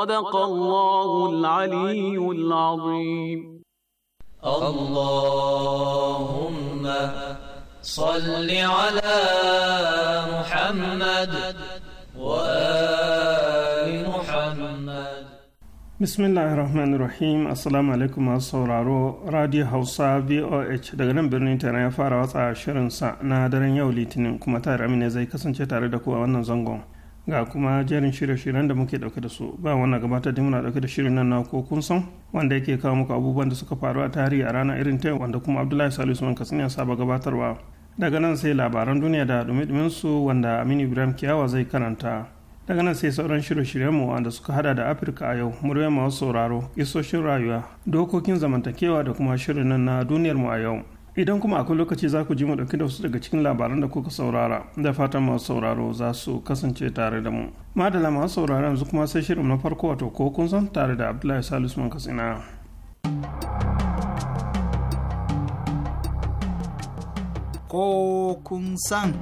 صدق الله العلي العظيم اللهم صل على محمد وآل محمد bismillahir rahmanir rahim assalamu alaikum masu sauraro radiyo hausa boh daga nan birnin tana ya fara watsa shirinsa na daren yau litinin kuma tare amina zai kasance tare da ku a wannan zangon ga kuma jerin shirye-shiryen da muke dauke da su ba wannan gabatar da muna dauke da shirin nan na ko kun san wanda yake kawo muku abubuwan da suka faru a tarihi a ranar irin ta wanda kuma abdullahi salisu man kasin ya saba gabatarwa daga nan sai labaran duniya da dumi su wanda aminu ibrahim kiyawa zai karanta daga nan sai sauran shirye-shiryen mu wanda suka hada da afirka a yau murya masu sauraro isoshin rayuwa dokokin zamantakewa da kuma shirin nan na duniyar mu a yau idan kuma akwai lokaci za ku ji mu dauki da wasu daga cikin labaran da kuka saurara da fatan masu sauraro za su kasance tare da mu madala masu sauraro yanzu kuma sai shirin na farko wato ko kun san tare da abdullahi salisu man katsina ko kun san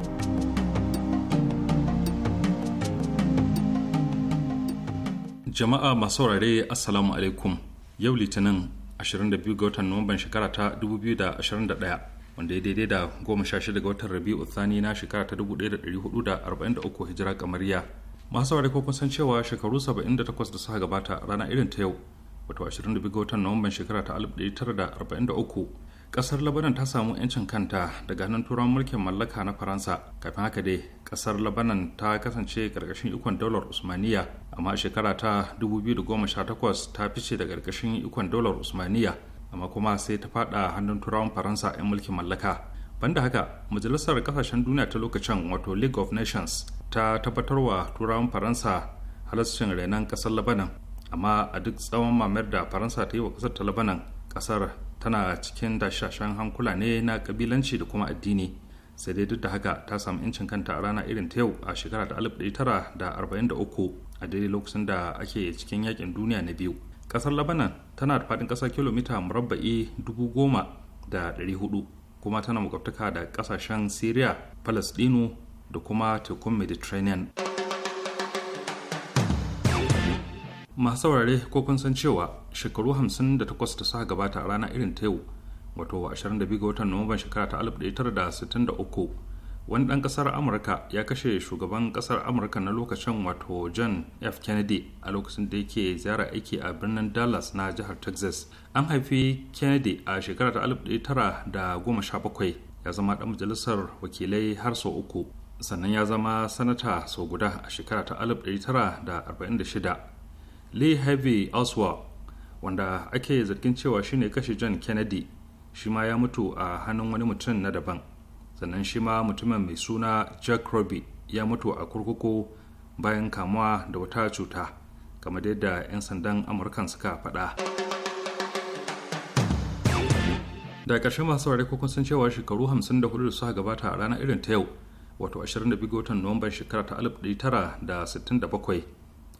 jama'a masu saurare assalamu alaikum yau litinin 22 ga watan nuwamban shekara ta 2021 wanda ya daidai da 16 ga watan rabi'u thani na shekara ta 1443 hijira kamariya masu saurari ko kun san cewa shekaru 78 da suka gabata rana irin ta yau wato 22 ga watan nuwamban shekara ta 1943 kasar labanan ta samu 'yancin kanta daga hannun turawan mulkin mallaka na faransa kafin haka dai kasar labanan ta kasance karkashin ikon daular usmaniya amma shekara ta 2018 ta fice da karkashin ikon daular usmaniya amma kuma sai ta fada hannun turawan faransa 'yan mulkin mallaka banda haka majalisar kasashen duniya ta lokacin wato league of nations ta tabbatarwa turawan faransa halascin renon kasar labanan amma a duk tsawon mamayar da faransa ta yi wa kasar ta labanan kasar tana cikin dashashen hankula ne na kabilanci da kuma addini sai dai duk da haka ta samu incin kanta a rana irin ta yau a shekara ta uku a daidai lokacin da ake cikin yakin duniya na biyu kasar labanan tana da faɗin ƙasa kilomita murabba'i 10,400 kuma tana makwabtaka da ƙasashen syria palestino da kuma tekun mediterranean masu saurare ko kun san cewa shekaru 58 da suka gabata a rana irin ta yau wato 22 ga watan nuwamban shekara ta 1963 wani dan kasar amurka ya kashe shugaban kasar amurka na lokacin wato john f kennedy a lokacin da yake ziyara aiki a birnin dallas na jihar texas an haifi kennedy a shekara ta 1917 ya zama dan majalisar wakilai har sau uku sannan ya zama sanata sau guda a shekara ta 1946 lee harvey oswald wanda ake zargin cewa shine kashe john kennedy shi ma ya mutu a hannun wani mutum na daban sannan shi ma mutumin mai suna jack robbie ya mutu a kurkuku bayan kamuwa da wata cuta kamar yadda 'yan sandan amurkan suka faɗa da ƙarshen masu saurari ko sun cewa shekaru 54 da suka gabata a ranar irin ta yau wato 22 ga watan nuwamban shekara ta 1967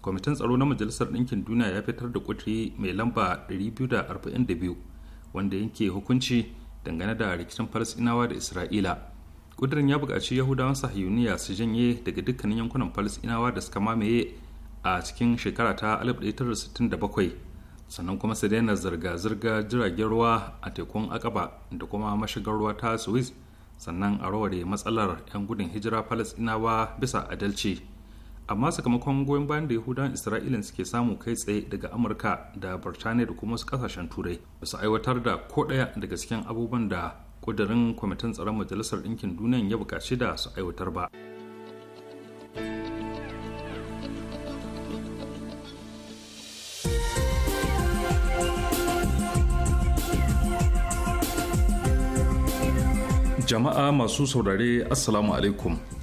kwamitin tsaro na majalisar ɗinkin duniya ya fitar da kuturi mai lamba 242 wanda yanke hukunci dangane da rikicin falasinawa da isra'ila kudirin ya buƙaci yahudawan sahiyuniya su janye daga dukkanin yankunan falasinawa da suka mamaye a cikin shekara ta 1967 sannan kuma su daina zirga-zirga jiragen ruwa a tekun akaba da kuma mashigar ruwa ta suwis sannan a rawar matsalar 'yan gudun hijira falasinawa bisa adalci amma sakamakon goyon bayan da yahudan isra'ila suke samu kai tsaye daga amurka da birtaniya da kuma wasu kasashen turai ba su aiwatar da ko ɗaya daga cikin abubuwan da kudirin kwamitin tsaron majalisar ɗinkin duniyan ya buƙaci da su aiwatar ba jama'a masu saurare assalamu alaikum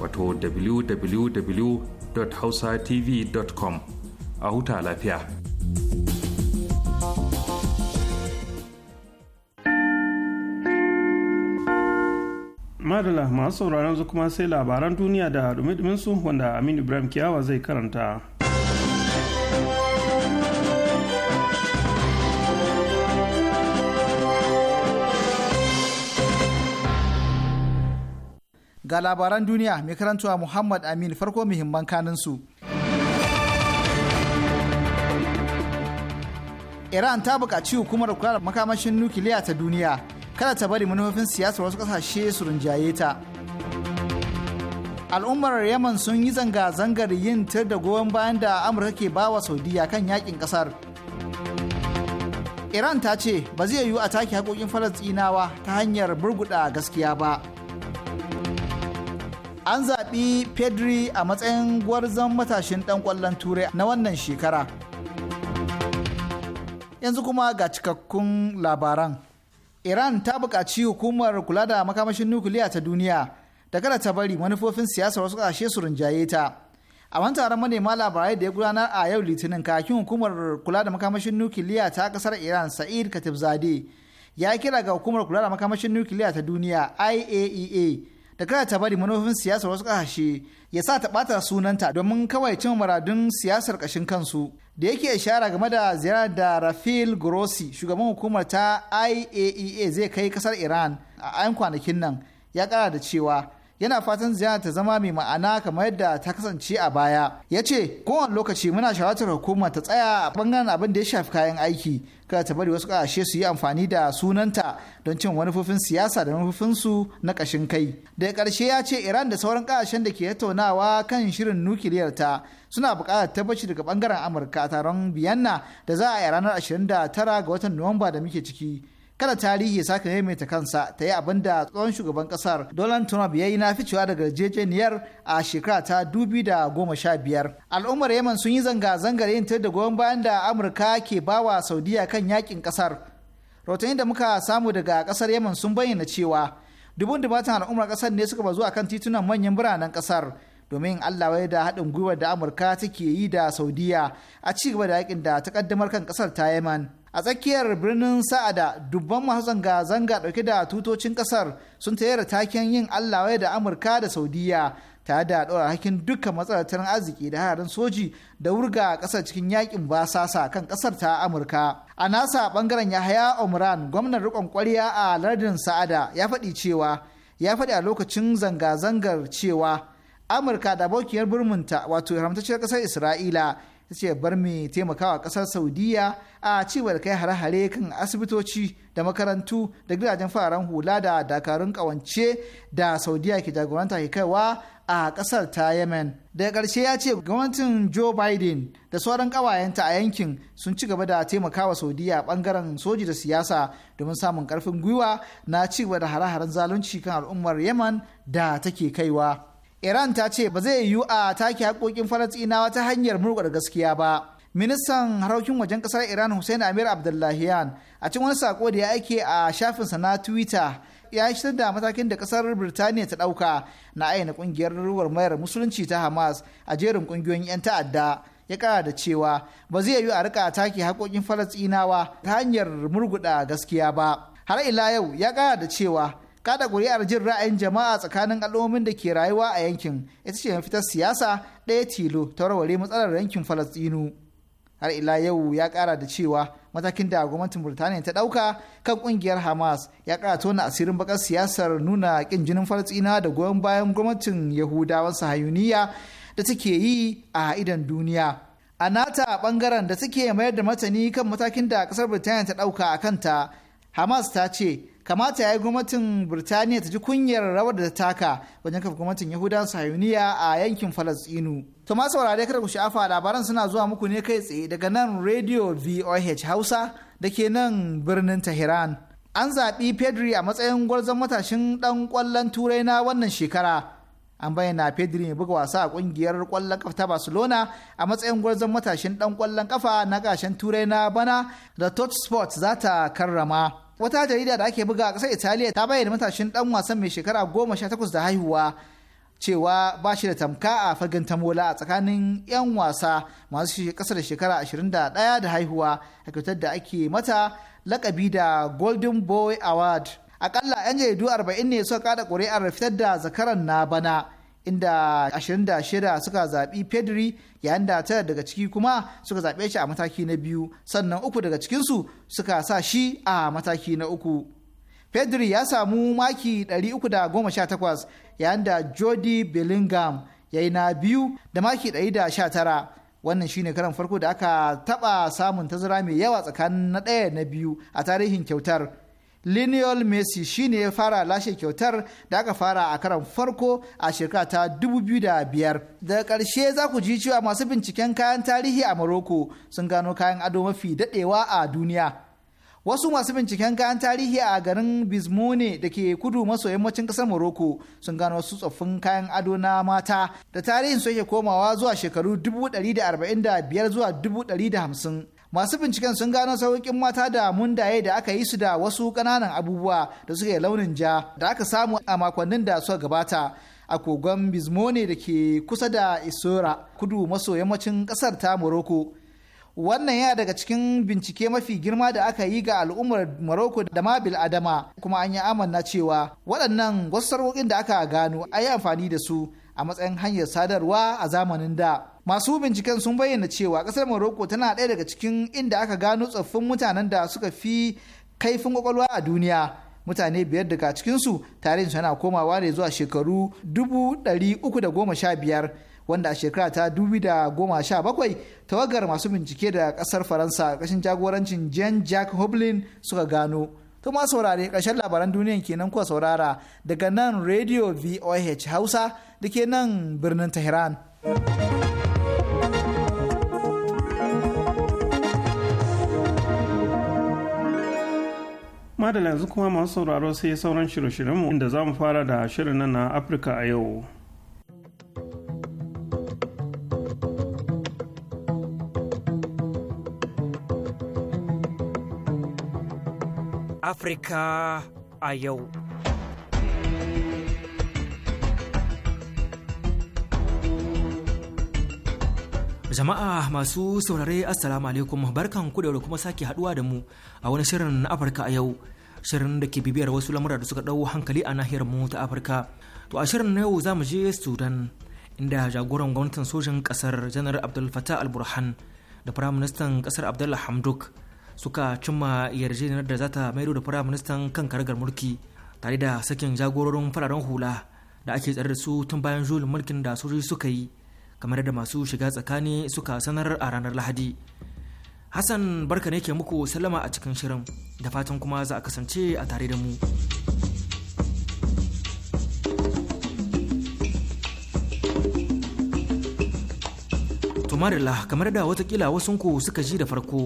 wato www.hausatv.com a huta lafiya. Madala masu sauraron zukuma sai labaran duniya da dumi su wanda Aminu Ibrahim Kiyawa zai karanta. Ga labaran duniya mai karantuwa Muhammad Amin farko muhimman su Iran ta buƙaci hukumar kula da makamashin nukiliya ta duniya kada ta bari manufofin siyasar wasu ƙasashe su rinjaye ta. Al'ummar Yaman sun yi zanga-zangar yin tir da goyon bayan da Amurka ke bawa Saudiya kan yakin ƙasar. Iran ta ce ba zai yiwu a take haƙoƙin falastinawa ta hanyar burguda gaskiya ba. an zaɓi pedri a matsayin gwarzon matashin ɗan ƙwallon turai na wannan shekara yanzu kuma ga cikakkun labaran iran ta buƙaci hukumar kula da makamashin nukiliya ta duniya da kada ta bari manufofin siyasar wasu ƙashe su rinjaye ta a wani taron manema labarai da ya gudanar a yau litinin kakin hukumar kula da makamashin nukiliya ta ƙasar iran sa'id zade ya kira ga hukumar kula da makamashin nukiliya ta duniya iaea e da kada ta bari manufofin siyasar wasu ƙasashe ya sa ta ɓata sunanta domin kawai cin muradun siyasar ƙashin kansu da yake ishara game da ziyarar da rafil grossi shugaban hukumar ta iaea e zai kai ƙasar iran a ayan kwanakin nan ya kara da cewa yana fatan ziyara ta zama mai ma'ana kamar yadda ta kasance a baya ya ce kowane lokaci muna shawartar hukuma ta tsaya a bangaren abin da ya shafi kayan aiki kada ta bari wasu ƙasashe su yi amfani da sunanta don cin manufofin siyasa da manufofinsu na kashin kai daga karshe ya ce iran da sauran ƙasashen da ke tattaunawa kan shirin nukiliyar ta suna buƙatar tabbaci daga bangaren amurka a taron biyanna da za a yi ranar 29 ga watan nuwamba da muke ciki kada tarihi ya sake maimaita kansa ta yi abin da tsohon shugaban kasar donald trump ya yi na ficewa daga yarjejeniyar a shekara ta dubi da goma sha biyar al'ummar yaman sun yi zanga-zangar yin da goyon bayan da amurka ke bawa saudiya kan yakin kasar rahotanni da muka samu daga kasar yaman sun bayyana cewa dubun dubatan al'ummar kasar ne suka bazu akan titunan manyan biranen kasar domin Allah wai da haɗin gwiwar da Amurka take yi da Saudiya a ci gaba da yakin da ta ƙaddamar kan kasar ta Yemen. a tsakiyar birnin sa'ada dubban masu zanga-zanga dauke da tutocin kasar sun tayar taken yin allah da amurka da saudiya tare da ɗora hakin dukkan matsalar tattalin arziki da hararin soji da wurga ƙasar cikin yakin basasa kan ƙasar ta amurka a nasa ɓangaren yahaya omran gwamnan riƙon ƙwarya a lardin sa'ada ya faɗi cewa ya faɗi a lokacin zanga-zangar cewa amurka da abokiyar birminta wato haramtacciyar ƙasar isra'ila ta ce bar mai taimakawa kasar saudiya a cibiyar kai hare-hare kan asibitoci da makarantu da gidajen fararen hula da dakarun kawance da saudiya ke jagoranta ke kaiwa a kasar ta yemen daga karshe ya ce gwamnatin joe biden da sauran ƙawayenta a yankin sun ci gaba da taimakawa saudiya bangaren soji da siyasa domin samun karfin gwiwa na ci gaba da hare-haren zalunci kan al'ummar yemen da take kaiwa iran ta ce ba zai yiwu a take haƙoƙin falasɗinawa ta hanyar murƙar gaskiya ba ministan harkokin wajen ƙasar iran hussein amir abdullahian a cikin wani sako da ya aike a shafinsa na twitter ya shirar da matakin da kasar birtaniya ta ɗauka na aina ƙungiyar mayar musulunci ta hamas a jerin kungiyoyin 'yan ta'adda ya kara da cewa ba zai yiwu a rika take haƙoƙin falasɗinawa ta hanyar murguɗa gaskiya ba har ila yau ya kara da cewa kada kuri'ar jin ra'ayin jama'a tsakanin al'ummomin da ke rayuwa a yankin ita ce mafitar siyasa ɗaya tilo ta warware matsalar yankin falastinu har ila yau ya kara da cewa matakin da gwamnatin burtaniya ta ɗauka kan ƙungiyar hamas ya kara tona asirin bakar siyasar nuna ƙin jinin falastina da goyon bayan gwamnatin yahudawan sahayuniya da take yi a idan duniya a nata ɓangaren da suke mayar da matani kan matakin da ƙasar burtaniya ta ɗauka a kanta hamas ta ce kamata ya yi gwamnatin birtaniya ta ji kunyar rawar da ta taka wajen kafa gwamnatin yahudan sahiyuniya a yankin falastinu to ma saurare kada ku sha'afa labaran suna zuwa muku ne kai tsaye daga nan radio voh hausa da ke nan birnin tehran an zaɓi pedri a matsayin gwarzon matashin ɗan ƙwallon turai na wannan shekara an bayyana pedri mai buga wasa a ƙungiyar ƙwallon kafa ta barcelona a matsayin gwarzon matashin ɗan ƙwallon kafa na ƙashen turai na bana da tot spot za ta karrama wata jarida da ake buga a ƙasar italiya ta bayyana matashin dan wasan mai shekara goma sha takwas da haihuwa cewa ba shi da tamka a fagen tamola a tsakanin 'yan wasa masu ƙasa da shekara 21 da haihuwa a kyautar da ake mata lakabi da golden boy award akalla 'yan jaridu 40 ne suka kada ƙuri'ar fitar da zakaran na bana inda 26 suka zaɓi pedri yayin da tara daga ciki kuma suka zaɓe shi a mataki na biyu sannan uku daga cikinsu suka sa shi a mataki na uku. Pedri ya samu maki 318 yayin da Jody Bellingham ya yi na biyu da maki 119 wannan shine karan farko da aka taɓa samun tazara mai yawa tsakanin na ɗaya na biyu a tarihin kyautar. Lionel Messi shine ya fara lashe kyautar da aka fara a karan farko a shekara ta 2005. Daga karshe za ku ji cewa masu binciken kayan tarihi a Morocco sun gano kayan ado mafi daɗewa a duniya. Wasu masu binciken kayan tarihi a garin Bizmone da ke kudu maso yammacin ƙasar Morocco sun gano wasu tsoffin kayan ado na mata da tarihin su yake komawa zuwa shekaru 145 zuwa 150. masu binciken sun gano sauƙin mata da mundaye da aka yi su da wasu ƙananan abubuwa da suka yi launin ja da aka samu a makonnin da suka gabata a kogon bizmone da ke kusa da isora kudu maso yammacin ƙasar ta morocco wannan yana daga cikin bincike mafi girma da aka yi ga al'ummar Morocco da ma adama kuma an yi amanna cewa waɗannan wasu sarwokin da aka gano a yi amfani da su a matsayin hanyar sadarwa a zamanin da masu binciken sun bayyana cewa kasar morocco tana ɗaya daga cikin inda aka gano tsoffin mutanen da suka fi kaifin kwakwalwa a duniya mutane biyar daga cikinsu tare su yana komawa ne zuwa shekaru dubu goma sha biyar wanda a shekara ta dubi da goma sha bakwai tawagar masu bincike da kasar faransa ƙarshen jagorancin jean jack hoblin suka gano to ma saurare ƙarshen labaran duniyan kenan kuwa saurara daga nan radio voh hausa da ke nan birnin tehran. madala yanzu kuma masu sauraro sai sauran shirye-shiryenmu inda za mu fara da shirin nan na afirka a yau afirka a yau Jama'a masu saurare Assalamu alaikum barkan ku da kuma sake haduwa da mu a wani shirin na Afirka a yau shirin da ke bibiyar wasu lamura da suka ɗau hankali a nahiyar mu ta Afirka. To a shirin na yau za mu je Sudan inda jagoran gwamnatin sojin kasar janar Abdul Fattah al-Burhan da firaministan kasar Abdullah Hamdok suka cimma yarjejeniyar da za ta maido da firaministan kan karagar mulki tare da sakin jagororin fararen hula da ake tsare da su tun bayan julin mulkin da sojoji suka yi kamar da masu shiga tsakani suka sanar a ranar lahadi hassan barka ne ke muku sallama a cikin shirin da fatan kuma za a kasance a tare da mu tumarila kamar da watakila wasunku suka ji da farko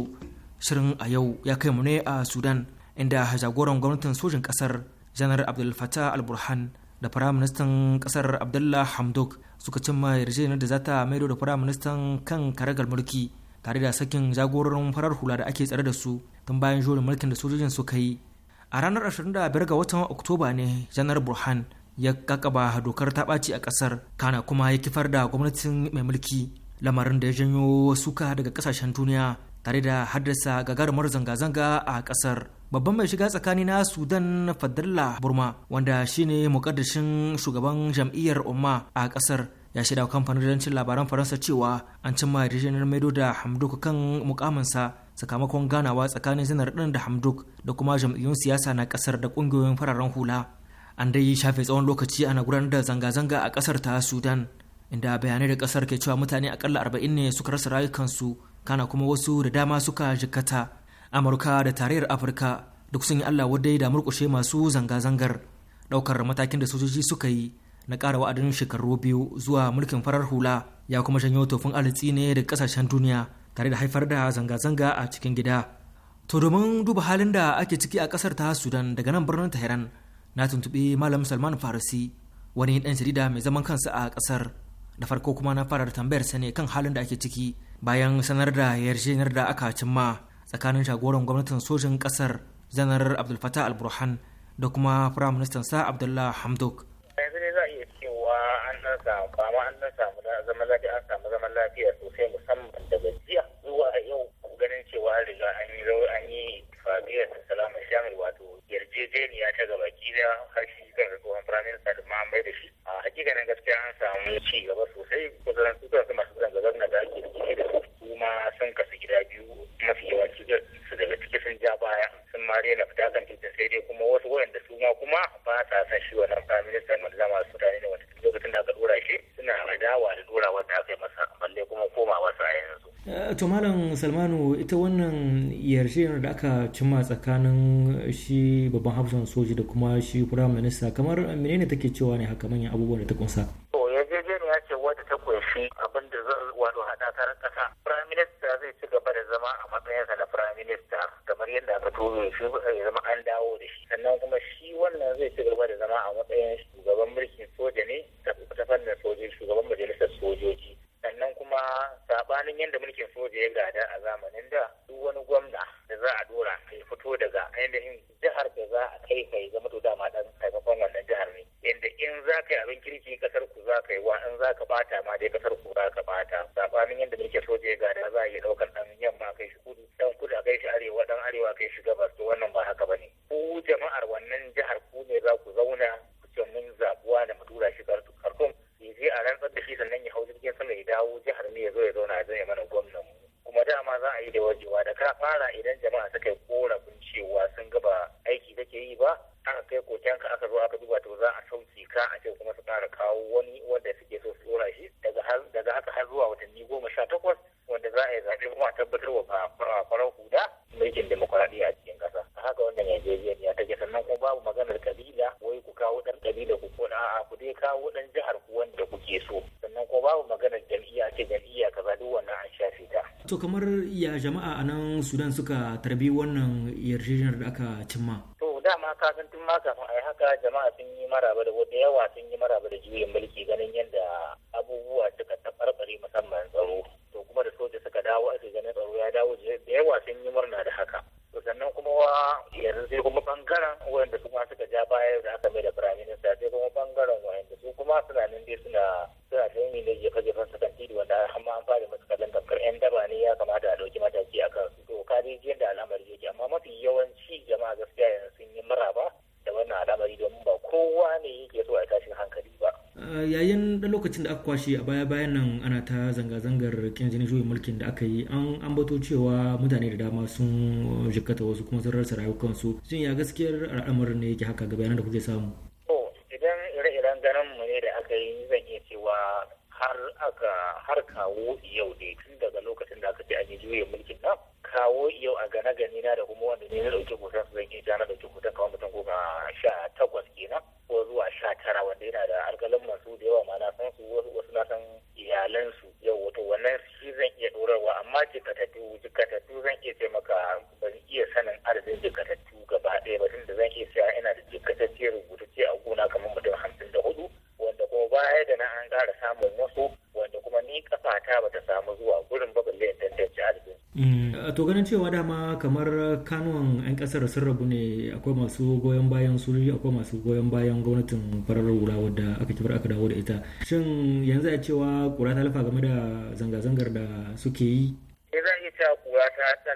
shirin a yau ya kai mu ne a sudan inda jagoran gwamnatin sojin kasar janar abdul fatah al-burhan da firaministan kasar abdullah hamdok suka cimma yarjejeniyar da za ta maido da firaministan kan karagar mulki tare da sakin jagororin farar hula da ake tsare da su tun bayan jurin mulkin da sojojin suka yi a ranar 25 ga watan oktoba ne janar burhan ya kakaba dokar ta ɓaci a ƙasar kana kuma ya kifar da gwamnatin mai mulki lamarin da ya janyo suka daga ƙasashen duniya tare da haddasa gagarumar zanga-zanga a kasar babban mai shiga tsakani na sudan fadalla burma wanda shine mukaddashin shugaban jam'iyyar umma a kasar ya shaida kamfanin rancin labaran faransa cewa an cimma yarjejeniyar maido da hamduk kan mukaminsa sakamakon ganawa tsakanin zinar din da hamduk da kuma jam'iyyun siyasa na kasar da kungiyoyin fararen hula an dai shafe tsawon lokaci ana gudanar da zanga-zanga a kasar ta sudan inda bayanai da kasar ke cewa mutane akalla arba'in ne suka rasa rayukansu kana kuma wasu da dama suka jikata amurka da tarayyar afirka duk sun yi allah wadai da murkushe masu zanga-zangar daukar matakin da sojoji suka yi na kara wa'adin shekaru biyu zuwa mulkin farar hula ya kuma janyo tofin alitsi ne da kasashen duniya tare da haifar da zanga-zanga a cikin gida to domin duba halin da ake ciki a ƙasar ta sudan daga nan birnin tehran na tuntuɓi malam salman farisi wani ɗan jarida mai zaman kansa a ƙasar da farko kuma na fara tambayar sa ne kan halin da ake ciki bayan sanar da yarjejeniyar da aka cimma tsakanin jagoran gwamnatin sojin kasar zanar abdul fatah al-burhan da kuma firayim ministan sa abdullah hamdok yanzu ne za a iya cewa an dan samu kama an dan samu zaman lafiya an samu zaman lafiya sosai musamman daga jiya zuwa yau ganin cewa riga an yi an yi fabiyar da salama shamil wato yarjejeniya ta gaba da har shi kan tsohon firaminista da ma mai da shi a hakikanin gaskiya an samu ci gaba sosai kusan su masu sai dai kuma wasu wayanda su ma kuma ba sa san shi wannan prime minister mun zama su mutane ne wanda lokacin da aka dora shi suna adawa da dora wanda aka yi masa balle kuma koma a yanzu eh, to malam salmanu ita wannan yarjejeniyar da aka cimma tsakanin shi babban hafsan soji da kuma shi prime minister kamar menene take cewa ne haka manyan abubuwan da ta kunsa watanni goma sha takwas wanda za a yi zaɓe kuma a tabbatar wa farar huda mulkin demokuraɗiyya a cikin ƙasa a haka wannan yarjejeniya ta ke sannan kuma babu maganar kabila wai ku kawo ɗan kabila ku kona a'a ku dai kawo ɗan jihar ku wanda kuke so sannan kuma babu maganar jam'iyya ce jam'iyya kaza duk wannan an shafe ta. to kamar ya jama'a a nan sudan suka tarbi wannan yarjejeniyar da aka cimma. to dama ka san tun ma kafin ai haka jama'a sun yi maraba da wata yawa sun yi maraba da juyin mulki ganin yadda abubuwa suka tabarbare musamman tsaro to kuma da soja suka dawo ake ganin tsaro ya dawo da yawa sun yi murna da haka to sannan kuma yanzu sai kuma bangaren wanda su kuma suka ja baya da aka mai da firaminista sai kuma bangaren wanda su kuma suna nan dai suna suna ta yi ne jefa jefan su kan titi wanda har ma an fara masu kallon tamkar yan daba ne ya kamata a ɗauki mataki a su to ka dai da al'amari yake amma mafi yawanci jama'a gaskiya yanzu al'amari domin ba kowa ne yake so a tashin hankali ba. yayin da lokacin da aka kwashe a baya bayan nan ana ta zanga-zangar kin jini juyin mulkin da aka yi an ambato cewa mutane da dama sun jikkata wasu kuma sun rasa rayukansu shin ya gaskiyar al'amarin ne yake haka bayanan da kuke samu. to idan ire-iren ganin mu ne da aka yi zan iya cewa har aka har kawo yau ne tun daga lokacin da aka ce an yi juyin mulkin nan kawo yau a gane gani na da kuma wanda ne na dauke su zan yi na dauke hoton kawo mutum goma sha takwas kenan ko zuwa sha tara wanda yana da alƙalin masu da yawa ma na san su wasu na san iyalansu yau wato wannan shi zan iya dorarwa amma jikatattu jikatattu zan iya ce maka ban iya sanin adadin jikatattu gaba ɗaya ba tunda zan iya cewa ina da rubutu rubutacce a gona kamar mutum hamsin da hudu wanda kuma baya da na an ƙara samun wasu wanda kuma ni kafata bata samu zuwa gurin ba balle tantance arzikin Eh, to ganin cewa dama kamar kanuwan 'yan kasar sun rabu ne akwai masu goyon bayan suri akwai masu goyon bayan gwamnatin farar hula wadda aka kifar aka dawo da ita shin yanzu a cewa kura ta lafa game da zanga-zangar da suke yi eh za yi cewa kura ta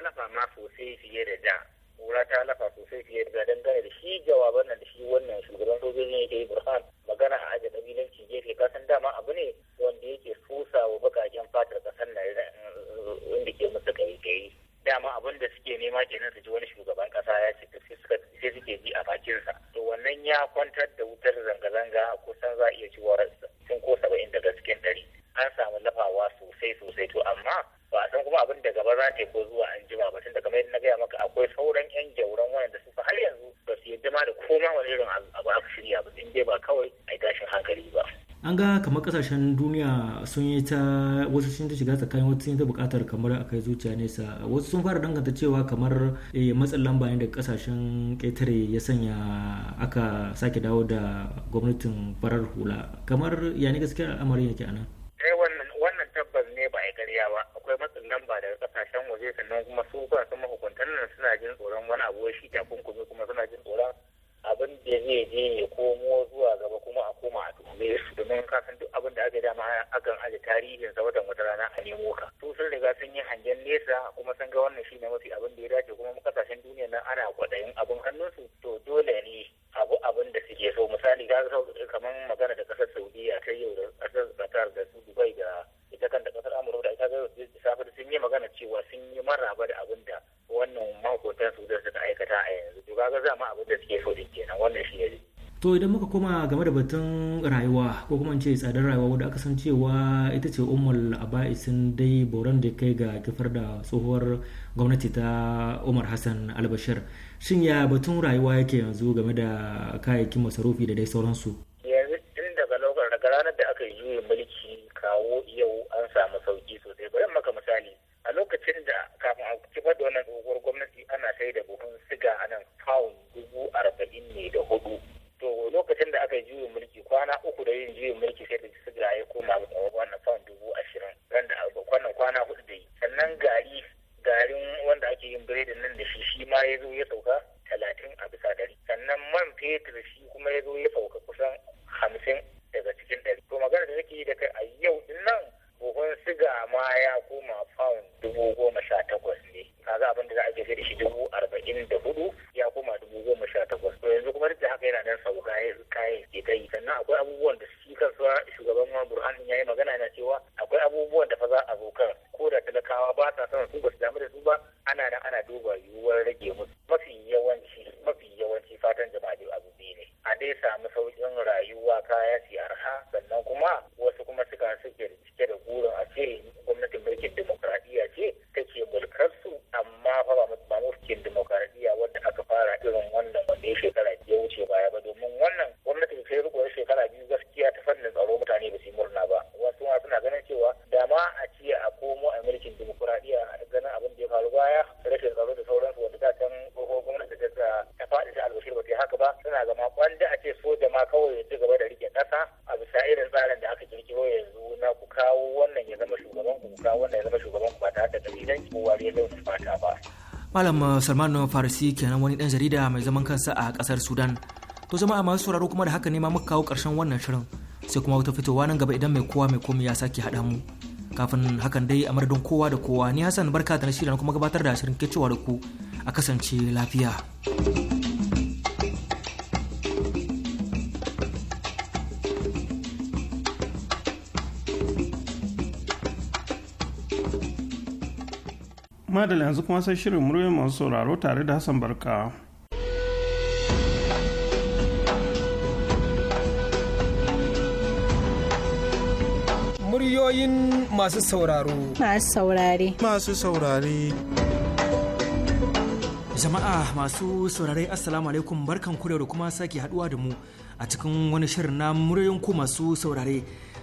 lafa ma sosai fiye da da kura ta lafa sosai fiye da dangane da shi jawaban nan da shi wannan shugaban sojoji ne yake yi burhan magana a ajiye kabilanci gefe kasan dama abu ne wanda yake susa wa bakaken fatar kasan nan abin da ke masa kai kai dama abin da suke nema kenan su ji wani shugaban kasa ya ce sai sai suke ji a bakin sa to wannan ya kwantar da wutar zanga-zanga kusan za a iya cewa sun ko saba'in daga cikin ɗari an samu lafawa sosai sosai to amma ba san kuma abin da gaba za ta ko zuwa an jima ba tunda kamar yadda na gaya maka akwai sauran yan jauran wanda su har yanzu ba su yadda ma da koma wani irin abu aka shirya ba in dai ba kawai a tashin hankali ba. an ga kamar kasashen duniya sun yi ta wasu sun shiga tsakanin wasu sun ta bukatar kamar a kai zuciya nesa wasu sun fara danganta cewa kamar eh, matsin lamba ne daga kasashen ƙetare ya sanya aka sake dawo da gwamnatin farar hula kamar ya ne gaskiya al'amari yake anan eh, wannan tabbas ne ba a yi ba akwai matsin lamba daga kasashen waje sannan kuma su kuma su mahukuntan nan suna jin tsoron wani abu shi takunkumi kuma abin da zai je ya komo zuwa gaba kuma a koma a tuhume su domin kafin duk abin da aka dama akan aje tarihin sa watan wata rana a nemo ka to sun riga sun yi hangen nesa kuma sun ga wannan shine mafi abin da ya dace kuma kasashen duniya nan ana kwaɗayin abin hannunsu to dole ne abu abin da suke so misali ga kamar magana da kasar saudiya ta yau da kasar qatar da su dubai da ita kanta kasar amurka da ita ga safi sun yi magana cewa sun yi maraba da abin da wannan makotan su zai suka aikata a yanzu to kaga zama abin da suke so din kenan wannan shi ne to idan muka koma game da batun rayuwa ko kuma ce tsadar rayuwa wadda aka san cewa ita ce umar aba'isin dai boron da kai ga kifar da tsohuwar gwamnati ta umar hassan albashir shin ya batun rayuwa yake yanzu game da kayayyakin masarufi da dai sauransu yanzu tun daga lokacin daga ranar da aka yi juyin mulki kawo yau an samu sauki da wannan tsohuwar gwamnati ana sai da buhun siga a nan pound dubu arba'in ne da hudu to lokacin da aka yi juyin mulki kwana uku da yin juyin mulki salman farisi kenan wani dan jarida mai zaman kansa a kasar sudan to jama'a masu sauraro kuma da haka ne ma muka kawo karshen wannan shirin sai kuma wata fitowa nan gaba idan mai kowa mai komi ya sake haɗa mu kafin hakan dai a madadin kowa da kowa ni hassan barka da na shirya kuma gabatar da shirin kecewa da ku a kasance lafiya. madal yanzu kuma sai shirin muryoyin masu sauraro tare da hassan barka muryoyin masu sauraro masu saurare masu saurare jama'a masu saurare assalamu alaikum barkan kure da kuma sake haduwa da mu a cikin wani shirin na muryoyin ku masu saurare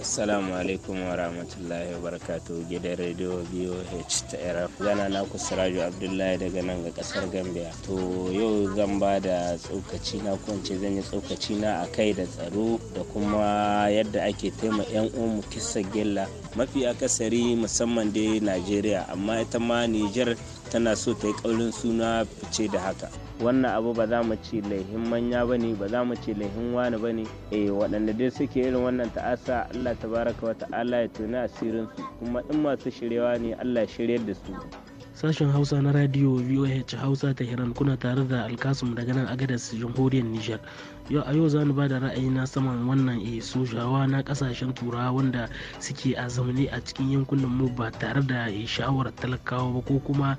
assalamu alaikum wa rahmatullahi wa barakatu gidan rediyo BOH ta Iraq. Gana na ku Siraju Abdullahi daga nan ga kasar Gambia. To yau zan ba da tsokaci na kunce zan yi tsokaci na a kai da tsaro da kuma yadda ake taima yan uwanmu kisa gilla mafi akasari musamman dai Najeriya amma ita ma Nijar tana so ta yi ƙaurin suna fice da haka wannan abu ba za mu ci laihin manya ba ne ba za mu ce laihin wani ba ne eh waɗanda dai suke irin wannan ta'asa allah baraka wata allah ya tuni asirin su kuma in masu shirewa ne allah shiryar da su sashen hausa na radio voh hausa ta hiran kuna tare da alkasum daga nan agadar jamhuriyar nijar yau a yau za ba da ra'ayina saman wannan e sojawa na kasashen turawa wanda suke a zaune a cikin yankunan mu ba tare da eh, shawarar talakawa ba ko kuma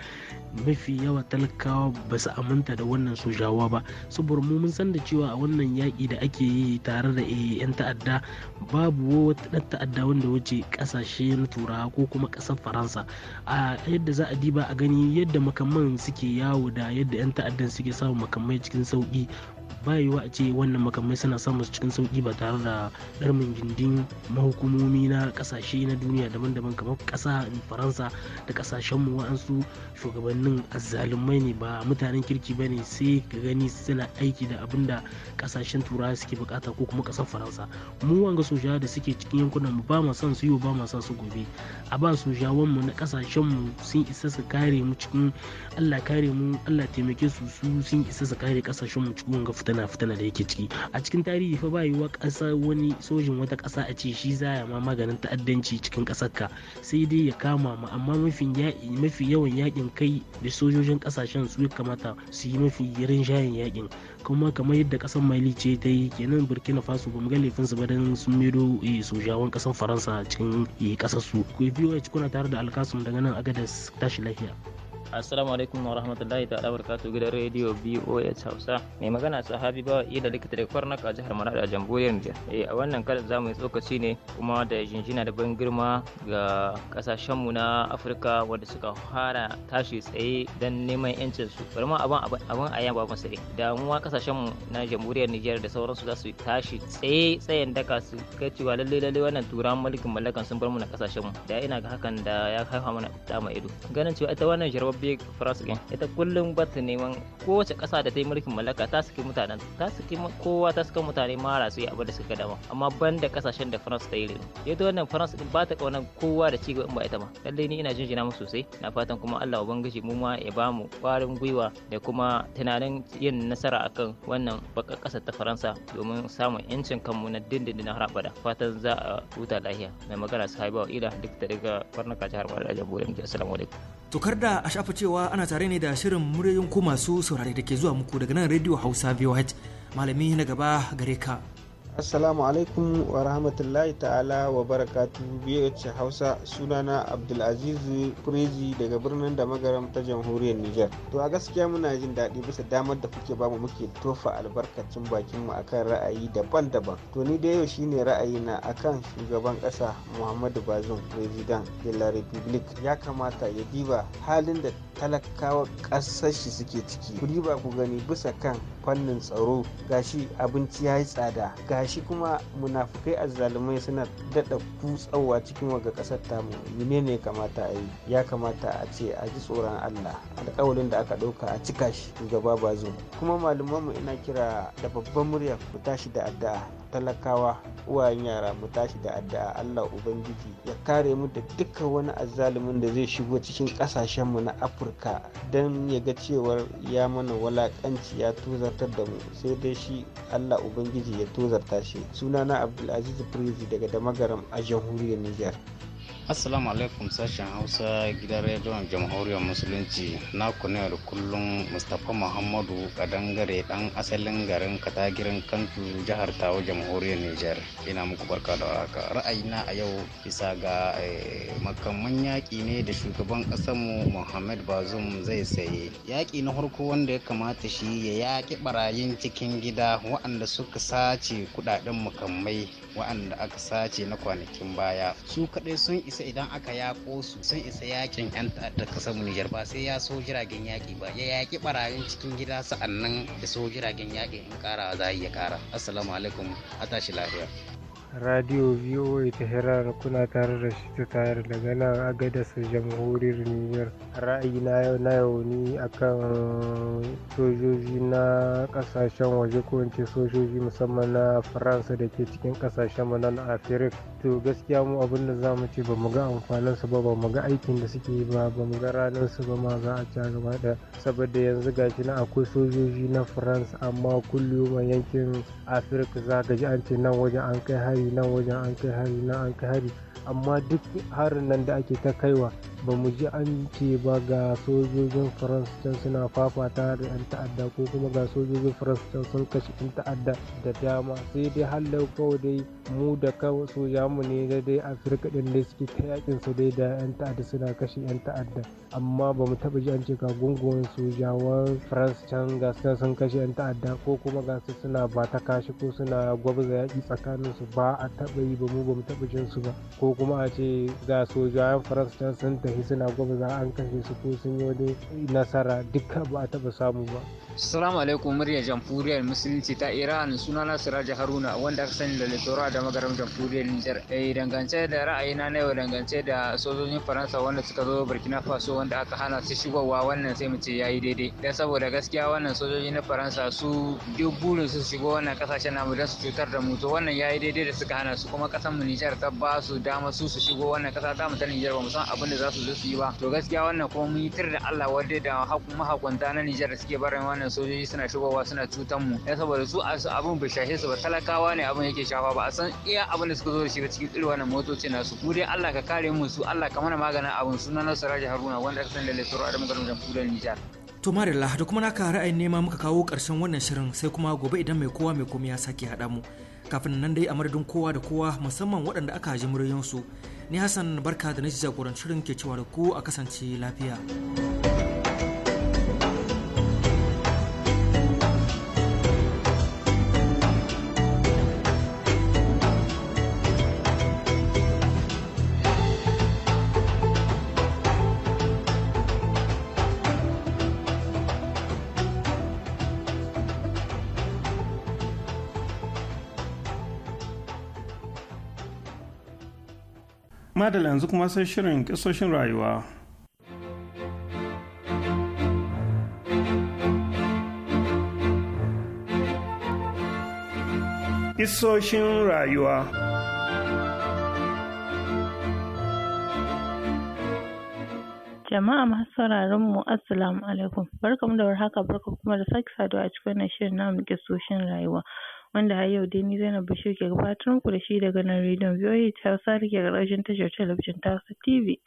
mafi yawa talakawa ba su aminta da wannan sojawa ba saboda mu mun san da cewa a wannan yaƙi da ake yi tare da yan eh, ta'adda babu wata ɗan ta'adda wanda wuce kasashen turawa ko kuma ƙasar faransa a yadda za a diba a gani yadda makaman suke yawo da yadda yan ta'addan suke samun makamai cikin sauki ba yiwuwa a ce wannan makamai suna samun cikin sauki ba tare da ɗarmin gindin mahukumomi na ƙasashe na duniya daban-daban kamar ƙasa faransa da ƙasashenmu wa'ansu shugabannin azzalumai ne ba mutanen kirki ba ne sai ka gani suna aiki da abin da ƙasashen turawa suke bukata ko kuma ƙasar faransa mu wanga soja da suke cikin yankunan mu ba ma son su ba ma son su gobe a ba sojawan mu na ƙasashen mu sun isa su kare mu cikin allah kare mu allah taimake su su sun isa su kare ƙasashen mu cikin wanga fitar tana fitana da yake ciki a cikin tarihi fa ba wa ƙasa wani sojin wata kasa a ce shi zaya ma maganin ta'addanci cikin kasar ka sai dai ya kama ma amma mafi yawan yakin kai da sojojin ƙasashen su ya kamata su yi mafi girin shayin yakin kuma kamar yadda ƙasar mali ce ta yi kenan burkina faso ba mu ga laifin su ba dan sun mero eh, sojawan ƙasar faransa cikin eh, ƙasar su ku biyo kuna tare da alkasum daga nan agadas tashi lafiya. Assalamu alaikum wa rahmatullahi ta'ala barkatu gidan rediyo BOS Hausa. Mai magana sahabi bawa ila likita da kwarnak a jihar Maradi a jamhuriyar Nijar. Eh a wannan kalar za mu yi tsokaci ne kuma da jinjina da ban girma ga kasashen mu na Afirka wanda suka fara tashi tsaye dan neman yancin su. Bari ma abin abin a yaba Da ne. Damuwa kasashen mu na jamhuriyar Nijar da sauransu za su tashi tsaye tsayen daka su kai cewa lalle lalle wannan turan mulkin mallakan sun bar mu na kasashen mu. Da ina ga hakan da ya haifa mana da ido. Ganin cewa ita wannan big frost game ita kullum ba ta neman kowace ƙasa da ta yi mulkin mallaka ta saki mutanen ta saki kowa ta saka mutane mara su yi abu da suka dama amma ban da ƙasashen da france ta yi ya ta wannan france din ba ta ƙaunar kowa da cigaba in ba ita ma lallai ni ina jinjina mu sosai na fatan kuma allah ubangiji mu ma ya bamu ƙwarin gwiwa da kuma tunanin yin nasara akan wannan bakar ƙasar ta faransa domin samun 'yancin kanmu na dindindin har abada fatan za a huta lahiya mai magana su haibawa ila duk da daga farnaka jihar mara da jamhuriyar assalamu alaikum tukar da a fi cewa ana tare ne da shirin muryoyin ku masu saurare da ke zuwa muku daga nan rediyo Hausa vh Malami na gaba gare ka. Assalamu alaikum wa rahmatullahi ta'ala wa barakatu BH Hausa sunana Abdulaziz Kureji daga birnin da magaram ta jamhuriyar Nijar. To a gaskiya muna jin daɗi bisa damar da kuke bamu muke tofa albarkacin bakinmu a akan ra'ayi daban-daban. To ni da yau shine ra'ayi na a kan shugaban ƙasa Muhammadu Bazin, President de la Republic ya kamata ya diba halin da talakawa ƙasar shi suke ciki. Ku diba ku gani bisa kan fannin tsaro gashi abinci ya yi tsada gashi shi kuma munafukai azzalumai suna daɗa kutsawa cikin waga ƙasar tamu menene ya kamata a yi ya kamata a ce a ji tsoron allah alƙawalin da aka ɗauka a cika shi ba zo kuma mu ina kira da babban murya ku tashi da addu'a talakawa uwayen yara mu tashi da addu'a Allah ubangiji ya kare mu da dukkan wani azzalumin da zai shigo cikin kasashen mu na Afirka dan ya ga cewar ya mana walakanci ya tozartar da mu sai dai shi Allah ubangiji ya tozarta shi sunana Abdulaziz Prezi daga Damagaram a jamhuriyar Niger assalamu alaikum sashen hausa gidan rediyon jamhuriyar musulunci na kuna da kullum mustapha muhammadu kadangare dan asalin garin katagirin kantu jihar tawo jamhuriyar Nijar. ina muku barka da haka ra'ayina a yau bisa ga eh, makamman yaƙi ne da shugaban ƙasarmu muhammad bazum zai saye yaƙi na farko wanda ya kamata shi ya yaƙi barayin cikin gida waɗanda suka sace kuɗaɗen makamai waɗanda aka sace na kwanakin baya su kaɗai sun isa isa idan aka yaƙo su sun isa yakin yan ta'addar kasar Nijar ba sai ya so jiragen yaƙi ba ya yaƙi barayin cikin gida sa'annan ya so jiragen yaƙi in ƙarawa za ya ƙara assalamu alaikum a tashi lafiya radio voa tehran kuna tare da shi ta tayar daga nan su jamhuriyar niger na yau na yau ni akan sojoji na kasashen waje ko wace sojoji musamman na faransa da ke cikin kasashen mu nan afirka to gaskiya mu abin da za mu ce ba mu ga amfanin su ba ba mu ga aikin da suke ba ba mu ga ranar su ba ma za a ci gaba da saboda yanzu gashi na akwai sojoji na faransa amma kullum yankin afirka za ka ji an ce nan wajen an kai hari hari wajen an kai hari na an kai hari amma duk harin nan da ake ta kaiwa ba mu ji an ce ba ga sojojin faransa suna fafata da 'yan ta'adda ko kuma ga sojojin faransa can sun kashe 'yan ta'adda da dama sai dai halar kawai dai mu da kawai mu ne da dai afirka din da suke ta yakin su dai da 'yan ta'adda suna kashe 'yan ta'adda amma ba mu taba ji an ce ga gungun sojawan faransa can ga sun kashe 'yan ta'adda ko kuma ga su suna ba ta kashi ko suna gwabza yaƙi tsakanin su ba a taba yi ba mu ba mu taba jin su ba ko kuma a ce ga sojawan faransa can sun tafi tahi suna za an kashe su ko sun yi wani nasara duka ba a taɓa samu ba. Salamu alaikum muryar jamhuriyar musulunci ta Iran suna sunana Siraja Haruna wanda aka sani da Litora da magaram jamhuriyar Nijar. Eh dangance da ra'ayina na yau dangance da sojojin Faransa wanda suka zo Burkina Faso wanda aka hana su shigowa wannan sai mu ce yayi daidai. Dan saboda gaskiya wannan sojoji na Faransa su duk burin su shigo wannan kasashen namu don su cutar da mu to wannan yayi daidai da suka hana su kuma kasan mu Nijar ta ba su dama su su shigo wannan kasa ta mu ta Nijar ba mu san abin da za su su yi ba to gaskiya wannan kuma mun yi tir da Allah wadda da mahakunta na Nijar da suke barin wannan sojoji suna shigowa suna cutan mu ya saboda su abun bai shahe su ba talakawa ne abun yake shafa ba a san iya abin da suka zo da shi cikin irin wannan motoci nasu mu dai Allah ka kare mu su Allah ka mana maganin abun sunan Siraji Haruna wanda aka san da Lesoro Adamu garin Jamhuriyar Nijar To Marilla da kuma naka ra'ayin nema muka kawo karshen wannan shirin sai kuma gobe idan mai kowa mai komai ya sake hada mu. Kafin nan dai a madadin kowa da kowa musamman waɗanda aka haji muryoyinsu ni hassan barka da na jagorancin ke cewa da ku a kasance lafiya da yanzu kuma sai shirin kisoshin rayuwa. Kisoshin rayuwa Jama'a masu sauraron mu Assalamu alaikum. Barkamu da warhaka barka kuma da sake saduwa a cikin wannan shirin namu kisoshin rayuwa. wanda har yau dai ni Zainab Bashir ke gabatar muku da shi daga nan rediyon VOH Hausa da ke karkashin tashar talabijin ta Hausa TV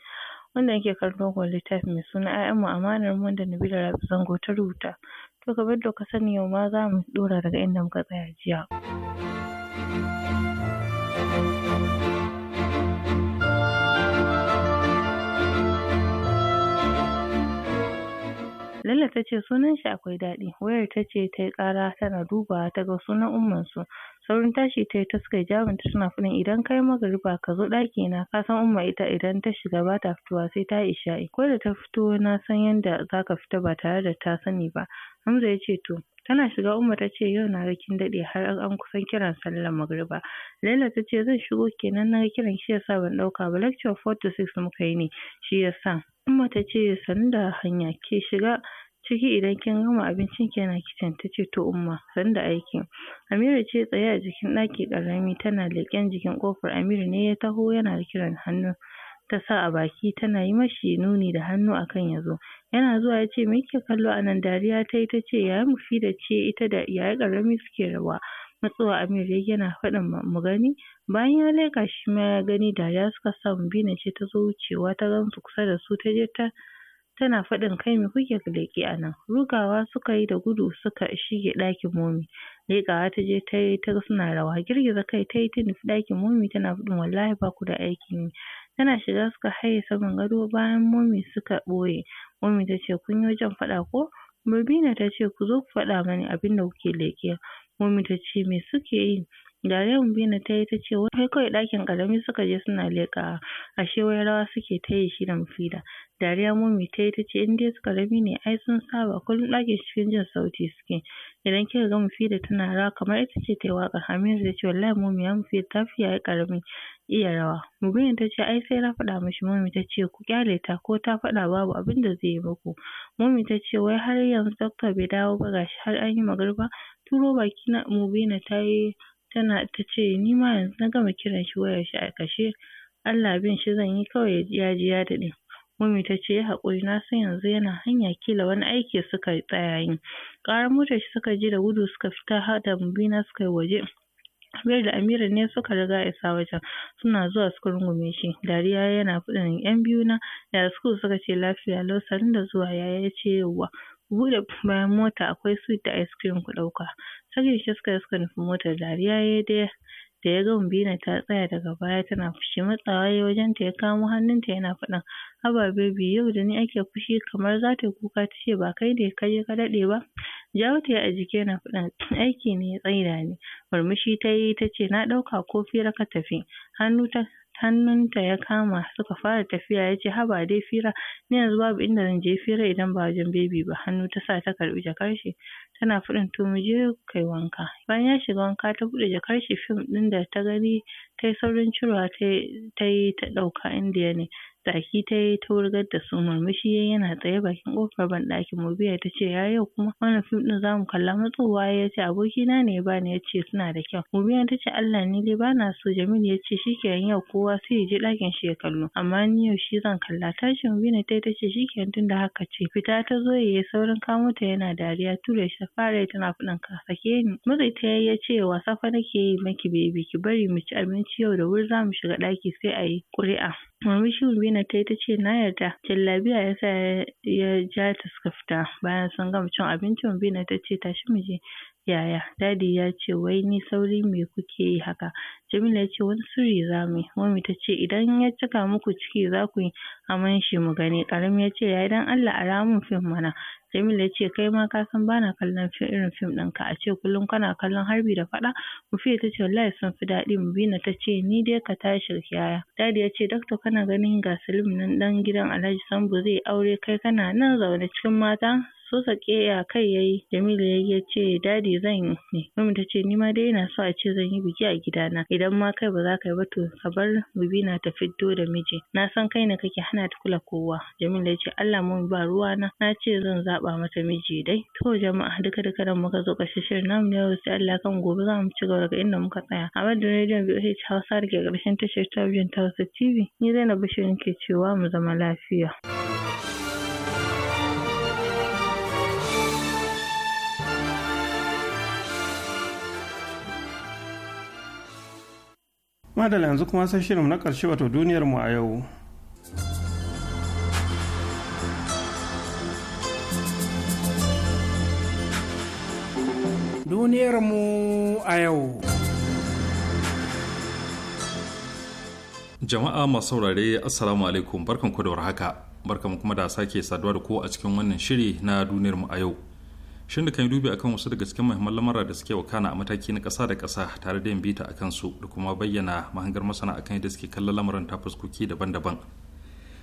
wanda yake karɓar muku littafi mai suna ‘ya'yanmu amanar mu wanda Nabila Rabi Zango ta rubuta. To kamar da ka sani yau ma za mu dora daga inda muka tsaya jiya. Laila ta ce sunan shi akwai daɗi. Wayar ta ce ta yi ƙara tana dubawa ta ga sunan su. Saurin tashi ta yi ta suka jabinta suna faɗin idan kai magariba ka zo ɗaki na ka san umma ita idan ta shiga ba ta fitowa sai ta yi isha'i. Ko da ta fito na san yanda za ka fita ba tare da ta sani ba. Hamza ya ce to Tana shiga Umma ta ce yau na ga kin daɗe har an kusan kiran sallar magriba. Laila ta ce zan shigo kenan na ga kiran shi yasa ban ɗauka ba lecture 4 to 6 muka yi ne shi yasa. Umma ta ce sannu da hanya ke shiga ciki idan kin gama abincin ki yana kicin ta ce to umma san da aiki Amira ce tsaye a jikin ɗaki ƙarami tana leƙen jikin ƙofar Amiru ne ya taho yana kiran hannu. ta sa a baki tana yi mashi nuni da hannu akan ya zo. Yana zuwa ya ce me kallo a nan dariya ta yi ta ce yaya Mufida ce ita da yi ƙarami suke rawa. Matsuwa Amir yayi yana faɗin mu gani bayan ya leƙa shi ma ya gani dariya suka sa mu ce ta zo wucewa ta gansu kusa da su ta je ta tana faɗin kai me kuke leƙe a nan rugawa suka yi da gudu suka shige ɗakin momi leƙawa ta je ta yi ta suna rawa girgiza kai ta yi ta nufi ɗakin momi tana faɗin wallahi ba ku da aikin yi Tana shiga suka haye saman gado bayan momi suka ɓoye. Momi tace ce kun yi wajen faɗa ko? Rubina ta ce ku zo ku faɗa mani abin da kuke leƙe. Momi tace me suke yi? Dariyar Mubina ta yi ta ce wai kawai ɗakin ƙarami suka je suna leƙawa, ashe wai rawa suke ta yi shi da Mufida. Dariya Mummy ta yi ta ce in dai su ƙarami ne ai sun saba, kullum ɗakin shi cikin jin sauti suke. Idan kika ga Mufida tana rawa kamar ita ce ta yi waƙar, Hamisu ya ce wallahi mu ya Mufida ta fi yayi ƙarami iya rawa. Mubina ta ce ai sai na faɗa mashi Mummy ta ce ku ƙyale ta ko ta faɗa babu abin da zai yi muku. Mummy ta ce wai har yanzu Dokta bai dawo ba gashi har an yi magariba. Turo baki na Mubina ta yi tana ta ce ni ma yanzu na gama kiran shi wayar shi a kashe Allah bin shi zan yi kawai ya ji ya daɗe. Mummy ta ce ya haƙuri na san yanzu yana hanya kila wani aiki suka tsaya yi. Ƙarar motar shi suka ji da gudu suka fita har da Mubina suka yi waje. Amir da Amira ne suka riga isa wajen suna zuwa suka rungume shi dariya yana faɗin yan biyu na da suku suka ce lafiya lau sanin da zuwa yaya ya ce yauwa buɗe bayan mota akwai sweet da ice cream ku ɗauka Ɗage shi suka yi suka nufi motar. Dariya ya yi da ya ga Mbina ta tsaya daga baya tana fushi. Matsawa ya wajen ta ya kamo hannunta yana faɗan. haba bebi yau da ni ake fushi kamar za ta yi kuka ta ce ba kai ne ka je ka daɗe ba. Jawo ta a jiki yana faɗan aiki ne ya tsaida ni. Murmushi ta yi ta ce na ɗauka ko fira ka tafi. Hannu ta hannunta ya kama suka fara tafiya ya ce haba dai fira ni yanzu babu inda zan je fira idan ba wajen bebi ba hannu ta sa ta karɓi jakar shi tana faɗin to mu je kai wanka bayan ya shiga wanka ta buɗe jakar shi fim ɗin da ta gani ta saurin cirewa ta yi ta ɗauka indiya ne tsaki ta yi ta wurgar da su murmushi yayi yana tsaye bakin kofar banɗakin Mobiya ta ce ya yau kuma wannan fim ɗin zamu kalla matsowa ya ce abokina ne ya bani ya ce suna da kyau. Mobiya ta ce Allah ni dai bana so Jamilu ya ce shi shikenan yau kowa sai ya je ɗakin shi ya kallo amma ni yau shi zan kalla ce Mobiya ta ta ce shi tun da haka ce fita ta zo ya yi saurin kamo ta yana dariya ture shi ta fara tana faɗin ka sake ni. Mazai ta ya ce wasa fa nake yi maki bebi ki bari mu ci abinci yau da wuri zamu shiga ɗaki sai a yi ƙuri'a. Murmushi Sabina ta yi ta ce na yarda. Jallabiya ya sa ya ja ta suka fita. Bayan sun gama cin abinci na ta ce tashi mu je. yaya dadi ya ce wai ni sauri me kuke yi haka Jamila ya ce wani sirri za mu yi Momi ta ce idan ya cika muku ciki za ku yi aman shi mu gani Karami ya ce yaya dan Allah ara min fim mana Jamila ya ce kai ma ka san bana kallon irin fim ɗinka a ce kullum kana kallon harbi da faɗa Mufiya ta ce wallahi sun fi daɗi na ta ce ni dai ka tashi yaya Dadi ya ce dakta kana ganin ga nan dan gidan Alhaji Sambo zai aure kai kana nan zaune cikin mata Tsotsaƙe kai ya yi, Jamilu ya ya ce, Dadi zan yi. Ummi ta ce, Ni ma dai ina so a ce zan yi biki a gidana. Idan ma kai ba za ka yi ba to ka bar Mubina ta fiddo da miji. Na san kai ne kake hana ta kula kowa. Jamilu ya ce, Allah mun ba ruwa Na ce zan zaɓa mata miji dai. To jama'a duka duka da muka zo ƙarshen shirin namu na yau sai Allah kan gobe za mu ci gaba daga inda muka tsaya. A madadin rediyon BOH Hausa da ke ƙarshen tashar talabijin ta Hausa TV. Ni Zainab Bashir ke cewa mu zama lafiya. madala yanzu kuma sai shirin na ƙarshe wato duniyar mu a yau duniyar mu a yau jama'a masu saurare assalamu alaikum barkan ku da warhaka barkan kuma da sake saduwa da ku a cikin wannan shiri na duniyar mu a yau shin da kan yi dubi akan wasu daga cikin muhimman lamura da suke wakana a mataki na ƙasa da ƙasa tare da yin bita a su da kuma bayyana mahangar masana akan yadda suke kallon lamarin ta fuskoki daban-daban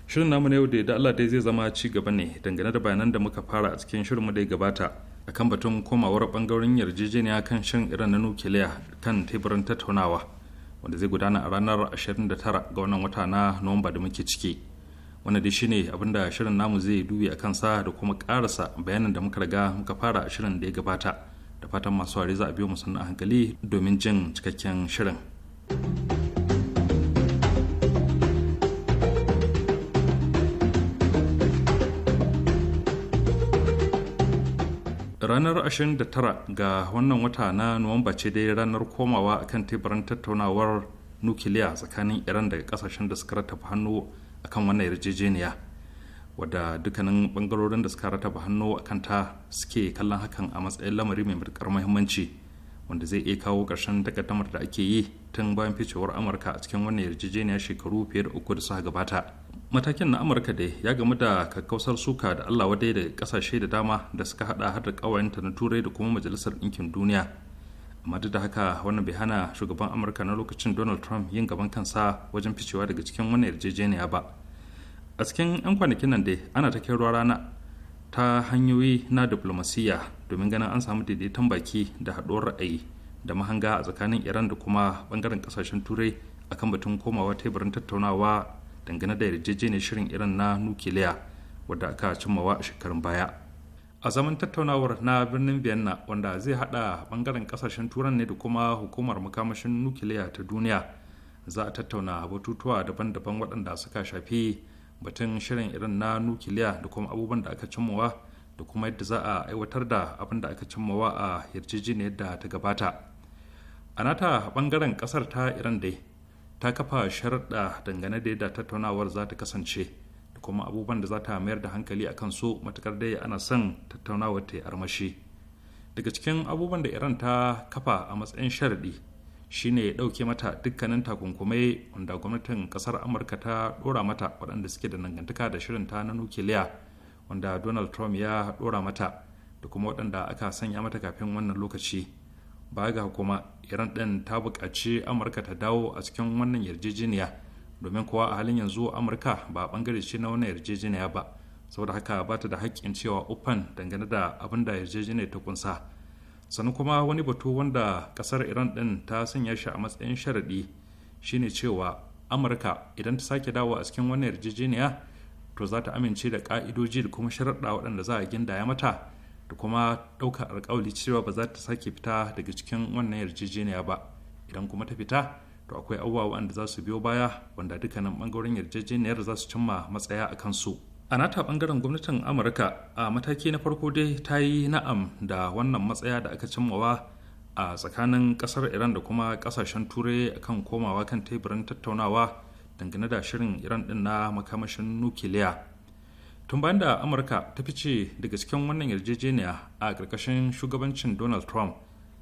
shirin namu na yau da da Allah dai zai zama ci gaba ne dangane da bayanan da muka fara a cikin mu da ya gabata akan batun komawar bangaren yarjejeniya kan shan irin na nukiliya kan teburin tattaunawa wanda zai gudana a ranar 29 ga wannan wata na nuwamba da muke ciki wanda dai shine abinda shirin namu zai dubi a kansa da kuma karasa bayanin da muka riga muka fara a shirin da ya gabata da fatan masu ware za a biyo mu a hankali domin jin cikakken shirin ranar 29 ga wannan wata na nuwamba ce dai ranar komawa kan teburin tattaunawar nukiliya tsakanin iran daga kasashen da suka rattafa hannu akan wannan yarjejeniya wadda dukkanin bangarorin da suka rataba hannu a kanta suke kallon hakan a matsayin lamari mai matuƙar muhimmanci wanda zai iya kawo ƙarshen takaddamar da ake yi tun bayan ficewar amurka a cikin wannan yarjejeniya shekaru fiye da uku da suka gabata matakin na amurka dai ya gamu da kakkausar suka da allah wadai da ƙasashe da dama da suka hada har da ƙawayenta na turai da kuma majalisar ɗinkin duniya amma da haka wannan bai hana shugaban amurka na lokacin donald trump yin gaban kansa wajen ficewa daga cikin wannan yarjejeniya ba a cikin 'yan kwanakin nan dai ana ta kero rana ta hanyoyi na diplomasiya domin ganin an samu daidaiton baki da haɗuwar ra'ayi da mahanga a tsakanin iran da kuma bangaren kasashen turai akan batun komawa teburin tattaunawa dangane da yarjejeniyar shirin iran na nukiliya wadda aka cimmawa a shekarun baya a zaman tattaunawar na birnin vienna wanda zai hada bangaren kasashen turan ne da kuma hukumar makamashin nukiliya ta duniya za a tattauna batutuwa daban-daban waɗanda suka shafi batun shirin irin na nukiliya da kuma abubuwan da aka cimmawa da kuma yadda za a aiwatar da abin da aka cimmawa a yarjejeniyar da ta gabata a nata bangaren kasar ta iran dai ta kafa sharaɗa dangane da yadda tattaunawar za ta kasance kuma abubuwan da za ta mayar da hankali a kan su matukar dai ana son tattaunawa ta armashi daga cikin abubuwan da iran ta kafa a matsayin sharaɗi shine ya ɗauke mata dukkanin takunkumai wanda gwamnatin ƙasar amurka ta ɗora mata waɗanda suke da dangantaka da shirin ta na nukiliya wanda donald trump ya ɗora mata da kuma waɗanda aka sanya mata kafin wannan lokaci baya ga kuma iran ɗin ta buƙaci amurka ta dawo a cikin wannan yarjejeniya domin kuwa a halin yanzu amurka ba a bangare ce na wani yarjejeniya ba saboda haka ba ta da haƙƙin cewa upan dangane da abin da yarjejeniya ta kunsa sannan kuma wani batu wanda kasar iran din ta sanya shi a matsayin sharaɗi shine cewa amurka idan ta sake dawo a cikin wani yarjejeniya to za ta amince da ka'idoji da kuma sharaɗa waɗanda za a gindaya mata da kuma ɗaukar alkawali cewa ba za ta sake fita daga cikin wannan yarjejeniya ba idan kuma ta fita to akwai abubuwa wanda za su biyo baya wanda dukkanin bangaren yarjejeniyar za su cimma matsaya a kansu a nata bangaren gwamnatin amurka a mataki na farko dai ta yi na'am da wannan matsaya da aka cimmawa a tsakanin ƙasar iran da kuma ƙasashen turai akan komawa kan teburin tattaunawa dangane da shirin iran din na makamashin nukiliya tun bayan da amurka ta fice daga cikin wannan yarjejeniya a ƙarƙashin shugabancin donald trump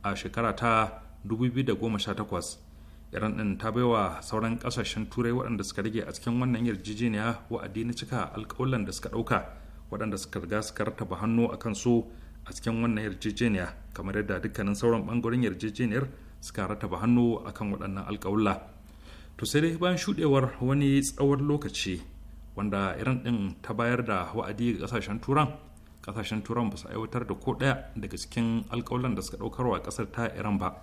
a shekara ta 2018 iran din ta baiwa sauran kasashen turai waɗanda suka rage a cikin wannan yarjejeniya wa'adi na cika alƙawalan da suka ɗauka waɗanda suka riga suka rataba hannu a kan su a cikin wannan yarjejeniya kamar yadda dukkanin sauran ɓangaren yarjejeniyar suka rataba hannu a kan waɗannan alƙawalla to sai dai bayan shuɗewar wani tsawon lokaci wanda iran din ta bayar da wa'adi ga kasashen turan kasashen turan ba su aiwatar da ko ɗaya daga cikin alƙawalan da suka ɗaukarwa ƙasar ta iran ba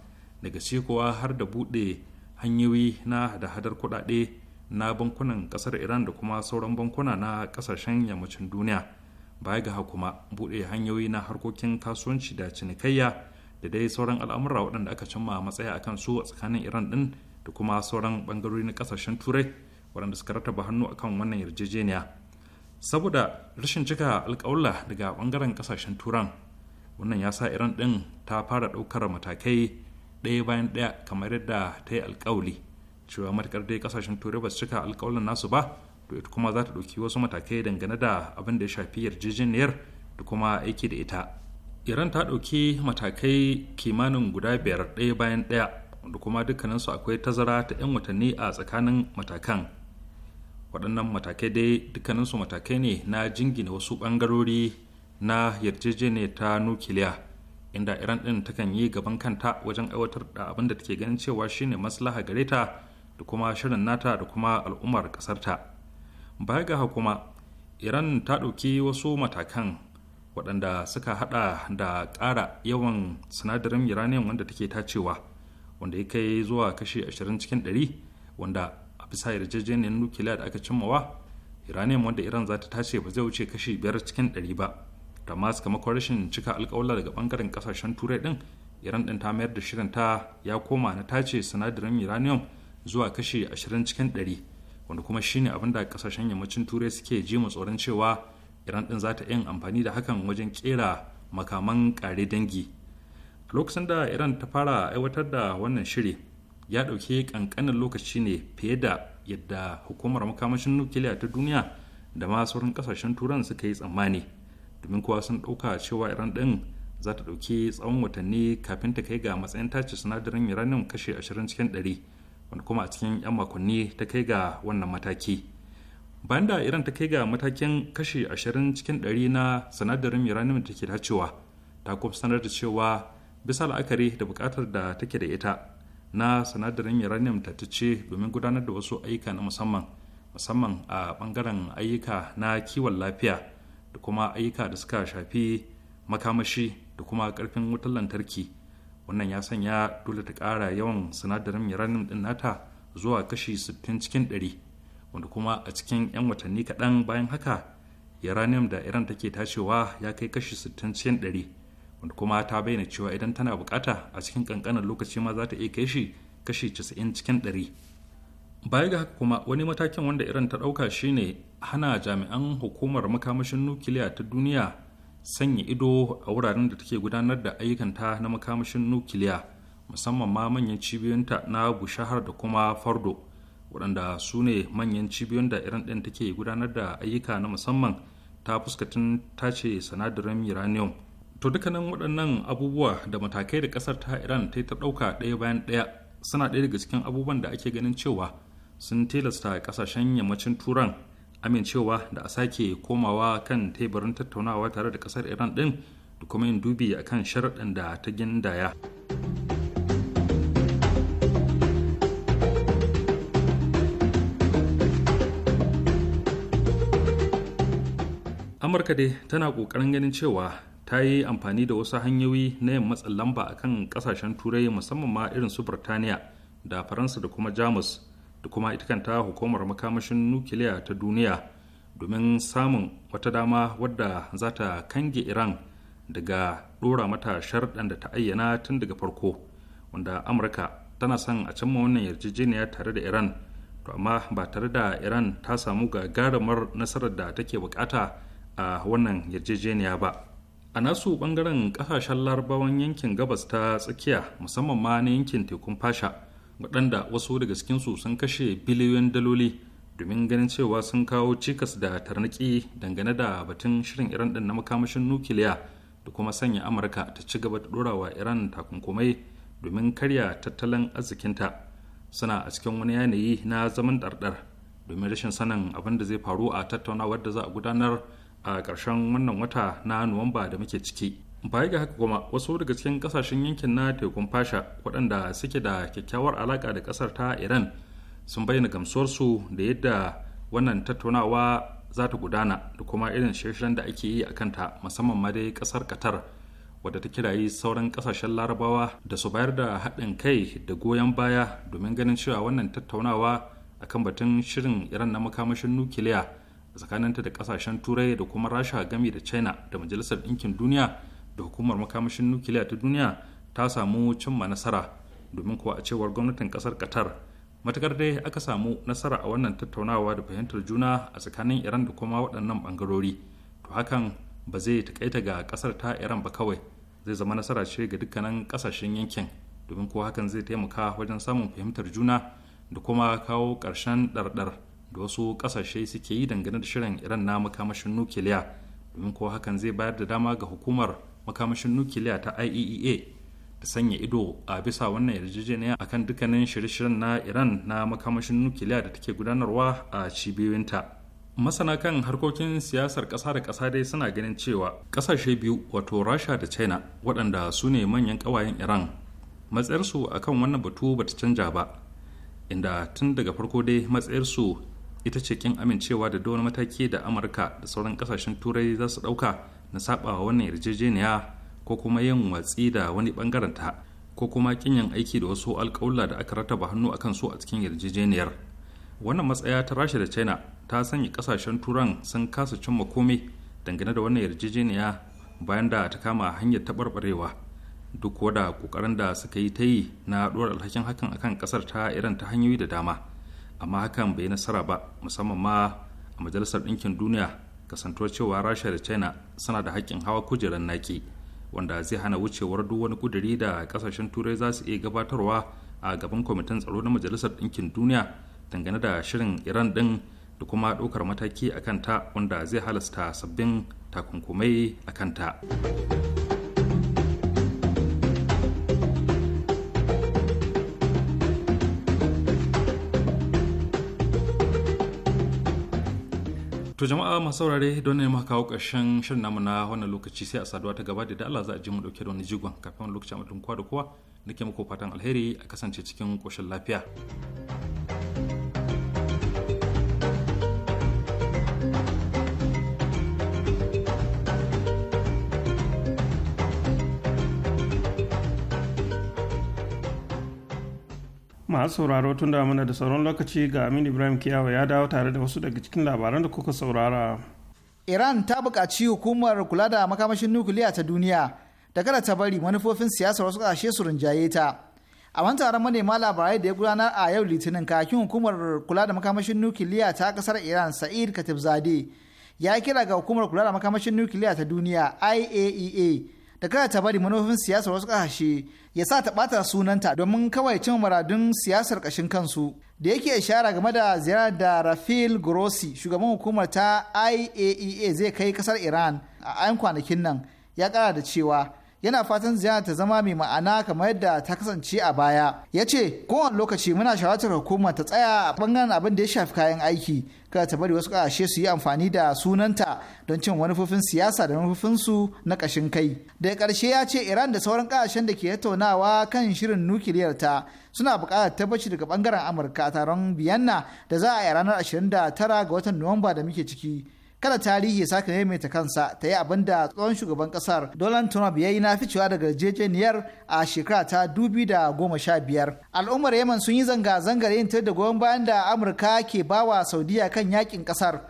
daga ce kuwa har da buɗe hanyoyi na hada-hadar kuɗaɗe na bankunan ƙasar iran da kuma sauran bankuna na kasashen yammacin duniya baya ga kuma buɗe hanyoyi na harkokin kasuwanci da cinikayya da dai sauran al'amura waɗanda aka cimma matsaya akan su a tsakanin iran ɗin da kuma sauran ɓangarori na ƙasashen turai waɗanda suka rataba hannu akan wannan yarjejeniya saboda rashin cika alƙawla daga ɓangaren ƙasashen turan wannan ya sa iran ɗin ta fara ɗaukar matakai ɗaya bayan ɗaya kamar yadda ta yi alkawali cewa matakar dai kasashen turai ba su cika alkawalin nasu ba to ita kuma za ta ɗauki wasu matakai dangane da abin da ya shafi yarjejeniyar da kuma aiki da ita iran ta ɗauki matakai kimanin guda biyar ɗaya bayan ɗaya da kuma dukkaninsu akwai tazara ta 'yan watanni a tsakanin matakan waɗannan matakai dai dukkaninsu matakai ne na jingina wasu ɓangarori na yarjejeniyar ta nukiliya inda iran din takan yi gaban kanta wajen aiwatar da abin da take ganin cewa shine maslaha gare ta da kuma shirin nata da kuma al'ummar kasarta baya ga kuma iran ta ɗauki wasu matakan waɗanda suka hada da ƙara yawan sinadarin uranium wanda take tacewa wanda ya kai zuwa kashi 20 cikin 100 wanda a bisa yarjejeniyar nukiliya da aka cimmawa iranian wanda iran za ta tace ba zai wuce kashi 5 cikin 100 ba ta ma sakamakon rashin cika alkawalla daga bangaren kasashen turai din iran din ta mayar da shirin ta ya koma na tace sinadarin uranium zuwa kashe 20 cikin 100 wanda kuma shine abin da kasashen yammacin turai suke ji mu tsoron cewa iran din za ta yin amfani da hakan wajen kera makaman kare dangi lokacin da iran ta fara aiwatar da wannan shiri ya ɗauki kankanin lokaci ne fiye da yadda hukumar makamashin nukiliya ta duniya da masu wurin kasashen turan suka yi tsammani domin kuwa sun ɗauka cewa iran ɗin za ta ɗauki tsawon watanni kafin ta kai ga matsayin tace sinadarin uranium kashe 20 cikin 100 wanda kuma a cikin 'yan makonni ta kai ga wannan mataki bayan da iran ta kai ga matakin kashe 20 cikin 100 na sinadarin uranium da ke dacewa ta kuma sanar da cewa bisa la'akari da bukatar da take da ita na sinadarin uranium ta ce domin gudanar da wasu ayyuka na musamman musamman a bangaren ayyuka na kiwon lafiya da kuma ayyuka da suka shafi makamashi da kuma karfin wutar lantarki wannan ya sanya dole ta kara yawan sinadarin uranium din nata zuwa kashi 60 cikin 100 wanda kuma a cikin 'yan watanni kaɗan bayan haka uranium da iran take tashewa ya kai kashi 60 cikin 100 wanda kuma ta bayyana cewa idan tana bukata a cikin kankanin lokaci ma za ta iya kai shi kashi 90 cikin 100 baya ga haka kuma wani matakin wanda iran ta ɗauka shine hana jami'an hukumar makamashin nukiliya ta duniya sanya ido a wuraren da take gudanar da ayyukanta na makamashin nukiliya musamman ma manyan cibiyunta na bushahar da kuma fardo waɗanda su ne manyan cibiyun da iran ɗin take gudanar da ayyuka na musamman ta fuskatin tace sinadarin uranium to dukkanin waɗannan abubuwa da matakai da ƙasar ta iran ta yi ta ɗauka ɗaya bayan ɗaya suna ɗaya daga cikin abubuwan da ake ganin cewa sun tilasta ƙasashen yammacin turan amincewa da a sake komawa kan teburin tattaunawa tare da kasar iran din da kuma yin dubi a kan sharaɗin da ta gindaya amurka dai tana ƙoƙarin ganin cewa ta yi amfani da wasu hanyoyi na yin matsin lamba a kan ƙasashen turai musamman ma irin su burtaniya da faransa da kuma jamus da kuma ita kanta hukumar makamashin nukiliya ta duniya domin samun wata dama wadda za ta kange iran daga dora mata sharɗan da ta ayyana tun daga farko wanda amurka tana son a ma wannan yarjejeniya tare da iran to amma ba tare da iran ta samu gagarumar nasarar da take bukata a wannan yarjejeniya ba a nasu ɓangaren kasashen larabawan yankin gabas ta tsakiya musamman ma na yankin tekun fasha waɗanda wasu daga cikinsu sun kashe biliyoyin daloli domin ganin cewa sun kawo cikas da tarnaki dangane da batun shirin iran ɗin na makamashin nukiliya da kuma sanya amurka ta ci gaba da ɗorawa iran takunkumai domin karya tattalin arzikinta suna a cikin wani yanayi na zaman ɗarɗar domin rashin sanin abin da zai faru a tattaunawar da za a gudanar a ƙarshen wannan wata na nuwamba da muke ciki baya ga haka kuma wasu daga cikin kasashen yankin na tekun fasha waɗanda suke da kyakkyawar alaka da ƙasar ta iran sun bayyana gamsuwarsu da yadda wannan tattaunawa za ta gudana da kuma irin shirshen da ake yi a kanta musamman ma dai ƙasar qatar wadda ta kirayi sauran ƙasashen larabawa da su bayar da haɗin kai da goyon baya domin ganin cewa wannan tattaunawa akan batun shirin iran na makamashin nukiliya tsakaninta da ƙasashen turai da kuma rasha gami da china da majalisar ɗinkin duniya da hukumar makamashin nukiliya ta duniya ta samu cimma nasara domin kuwa a cewar gwamnatin kasar qatar matakar dai aka samu nasara a wannan tattaunawa da fahimtar juna a tsakanin iran da kuma waɗannan bangarori to hakan ba zai takaita ga ƙasar ta iran ba kawai zai zama nasara ce ga dukkanin kasashen yankin domin kuwa hakan zai taimaka wajen samun fahimtar juna da kuma kawo ƙarshen ɗarɗar da wasu ƙasashe suke yi dangane da shirin iran na makamashin nukiliya domin kuwa hakan zai bayar da dama ga hukumar makamashin nukiliya ta IAEA e da sanya ido a bisa wannan yarjejeniya akan dukkanin shirye-shiryen na Iran na makamashin nukiliya da take gudanarwa a cibiyoyinta. Masana kan harkokin siyasar ƙasa da ƙasa dai suna ganin cewa ƙasashe biyu wato Rasha da China waɗanda su ne manyan ƙawayen Iran matsayarsu a kan wannan batu ba ta canja ba inda tun daga farko dai matsayarsu ita ce kin amincewa da wani mataki da amurka da sauran ƙasashen turai za su ɗauka. na wa wannan yarjejeniya ko kuma yin watsi da wani bangaren ta ko kuma kinyan aiki da wasu alƙawla da aka rataba hannu akan su a cikin yarjejeniyar wannan matsaya ta rasha da china ta sanya kasashen turan sun kasa cimma komai dangane da wannan yarjejeniya bayan da ta kama hanyar taɓarɓarewa duk da ƙoƙarin da suka yi ta yi na ɗora alhakin hakan akan ƙasar ta iran ta hanyoyi da dama amma hakan bai yi nasara ba musamman ma a majalisar ɗinkin duniya kasantuwar cewa rasha da china suna da hakkin hawa kujerar naki wanda zai hana wucewar duk wani kuduri da kasashen turai za su iya gabatarwa a gaban kwamitin tsaro na majalisar ɗinkin duniya dangane da shirin iran ɗin da kuma ɗaukar mataki a kanta wanda zai halasta sabbin takunkumai a kanta. to jama'a masu saurare don ne maka kawo karshen shirin namu na wannan lokaci sai a saduwa ta gaba da da Allah za a ji mu dauke da wani jigon kafin wani lokaci a mutum kowa da kowa nake muku fatan alheri a kasance cikin koshin lafiya. masu sauraro tun da mana da sauran lokaci ga amin Ibrahim Kiyawa ya dawo tare da wasu daga cikin labaran da kuka saurara. Iran ta buƙaci hukumar kula da makamashin nukiliya ta duniya da kada ta bari manufofin siyasar wasu ƙasashe su rinjaye ta. A wani taron manema labarai da ya gudanar a yau Litinin kakin hukumar kula da makamashin nukiliya ta ƙasar Iran Sa'id Katibzade ya kira ga hukumar kula da makamashin nukiliya ta duniya IAEA e da kada ta bari manufofin siyasar wasu ƙasashe ya sa ta ɓata sunanta domin kawai cin maradun siyasar ƙashin kansu da yake ishara game da ziyarar da rafil grossi shugaban hukumar ta iaea e zai kai ƙasar iran a 'yan kwanakin nan ya ƙara da cewa yana fatan ziyara ta zama mai ma'ana kamar yadda ta kasance a baya ya ce kowane lokaci muna shawartar hukumar ta tsaya a bangaren abin da ya shafi kayan aiki kada ta bari wasu ƙasashe su yi amfani da sunanta don cin manufofin siyasa da manufofinsu na kashin kai daga karshe ya ce iran da sauran ƙasashen da ke tattaunawa kan shirin nukiliyar ta suna buƙatar tabbaci daga bangaren amurka a taron biyanna da za a yi ranar 29 ga watan nuwamba da muke ciki kada tarihi sake maimaita kansa ta yi abin da tsohon shugaban kasar Donald Trump ya yi na ficewa daga jejeniyar a shekara ta dubi da goma sha biyar. Al'ummar yaman sun yi zanga-zangar yin da goyon bayan da Amurka ke bawa Saudiya kan yakin kasar.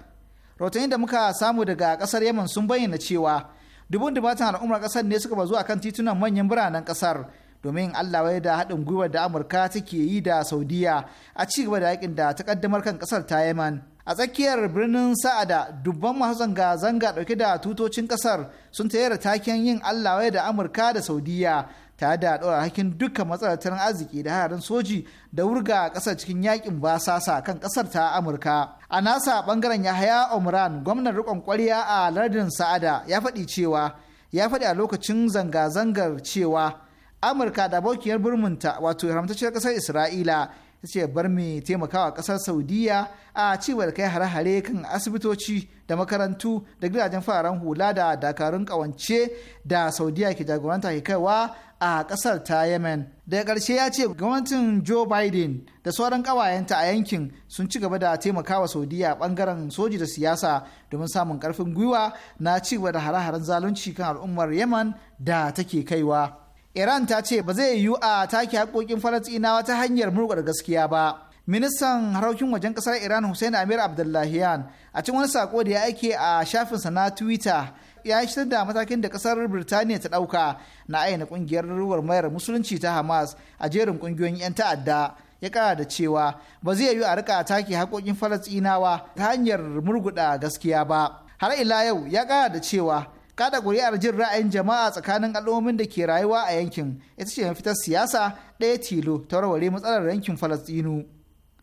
Rahotanni da muka samu daga kasar yaman sun bayyana cewa dubun dubatan al'ummar kasar ne suka bazu kan titunan manyan biranen kasar domin Allah wai da haɗin gwiwar da Amurka take yi da Saudiya a ci gaba da yakin da ta kaddamar kan kasar ta Yemen. a tsakiyar birnin sa'ada dubban masu zanga-zanga dauke da tutocin kasar sun tayar taken yin allah da amurka da saudiya tare da ɗora hakin dukkan matsalar tattalin arziki da harin soji da wurga ƙasar cikin yakin basasa kan ƙasar ta amurka a nasa ɓangaren yahaya omran gwamnan riƙon ƙwarya a lardin sa'ada ya faɗi cewa ya faɗi a lokacin zanga-zangar cewa amurka da abokiyar birminta wato haramtacciyar kasar isra'ila ta ce bar mu taimakawa kasar saudiya a cibiyar kai hare-hare kan asibitoci da makarantu da gidajen fararen hula da dakarun kawance da saudiya ke jagoranta ke kaiwa a kasar ta yemen daga ƙarshe ya ce gwamnatin joe biden da sauran ƙawayenta a yankin sun ci gaba da taimakawa saudiya bangaren soji da siyasa domin samun karfin gwiwa na ci gaba da hare-haren zalunci kan al'ummar yemen da take kaiwa. iran ta ce ba zai yiwu a take haƙoƙin falasɗinawa ta hanyar murƙar gaskiya ba ministan harkokin wajen ƙasar iran hussein amir abdullahian a cikin wani sako da ya aike a shafinsa na twitter ya shirar da matakin da ƙasar birtaniya ta ɗauka na aina kungiyar mayar musulunci ta hamas a jerin ƙungiyoyin 'yan ta'adda ya kara da cewa ba zai yiwu a rika take haƙoƙin falasɗinawa ta hanyar murguɗa gaskiya ba har ila yau ya kara da cewa kada ƙuri'ar jin ra'ayin jama'a tsakanin al'ummomin da ke rayuwa a yankin ita ce mafitar siyasa ɗaya tilo ta warware matsalar yankin falastinu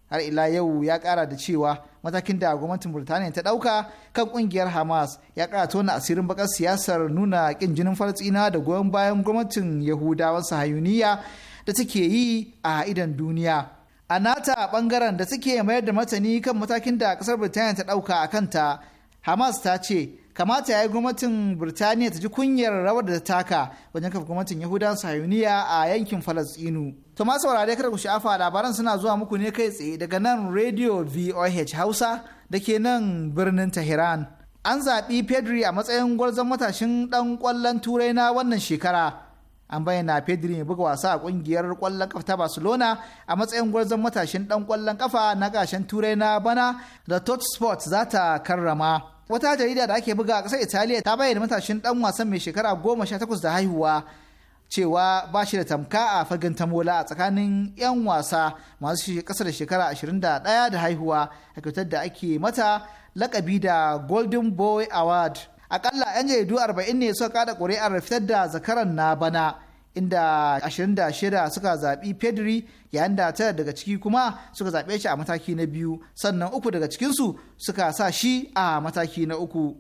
har ila yau ya kara da cewa matakin da gwamnatin burtaniya ta ɗauka kan ƙungiyar hamas ya kara tona asirin bakar siyasar nuna ƙin jinin falastina da goyon bayan gwamnatin yahudawan sahayuniya da take yi a idan duniya a nata ɓangaren da suke mayar da matani kan matakin da ƙasar burtaniya ta ɗauka a kanta hamas ta ce kamata ya yi gwamnatin birtaniya ta ji kunyar rawar da ta taka wajen kafa gwamnatin yahudan sahiyuniya a yankin falastinu to ma saurare kada ku sha'afa labaran suna zuwa muku ne kai tsaye daga nan radio voh hausa da ke nan birnin tehran an zaɓi pedri a matsayin gwarzon matashin ɗan ƙwallon turai na wannan shekara an bayyana pedri mai buga wasa a ƙungiyar kwallon kafa ta barcelona a matsayin gwarzon matashin ɗan kwallon kafa na ƙarshen turai na bana da tot sport za ta karrama wata jarida da ake buga a ƙasar italiya ta bayyana matashin dan wasan mai shekara goma sha takwas da haihuwa cewa ba shi da tamka a fagen tamola a tsakanin 'yan wasa masu ƙasa da shekara 21 da haihuwa a kyautar da ake mata lakabi da golden boy award akalla 'yan jaridu arba'in ne suka kada ƙuri'ar fitar da zakaran na bana inda 26 suka zaɓi pedri yayin da tara daga ciki kuma suka zaɓe shi a mataki na biyu sannan uku daga cikinsu suka sa shi a mataki na uku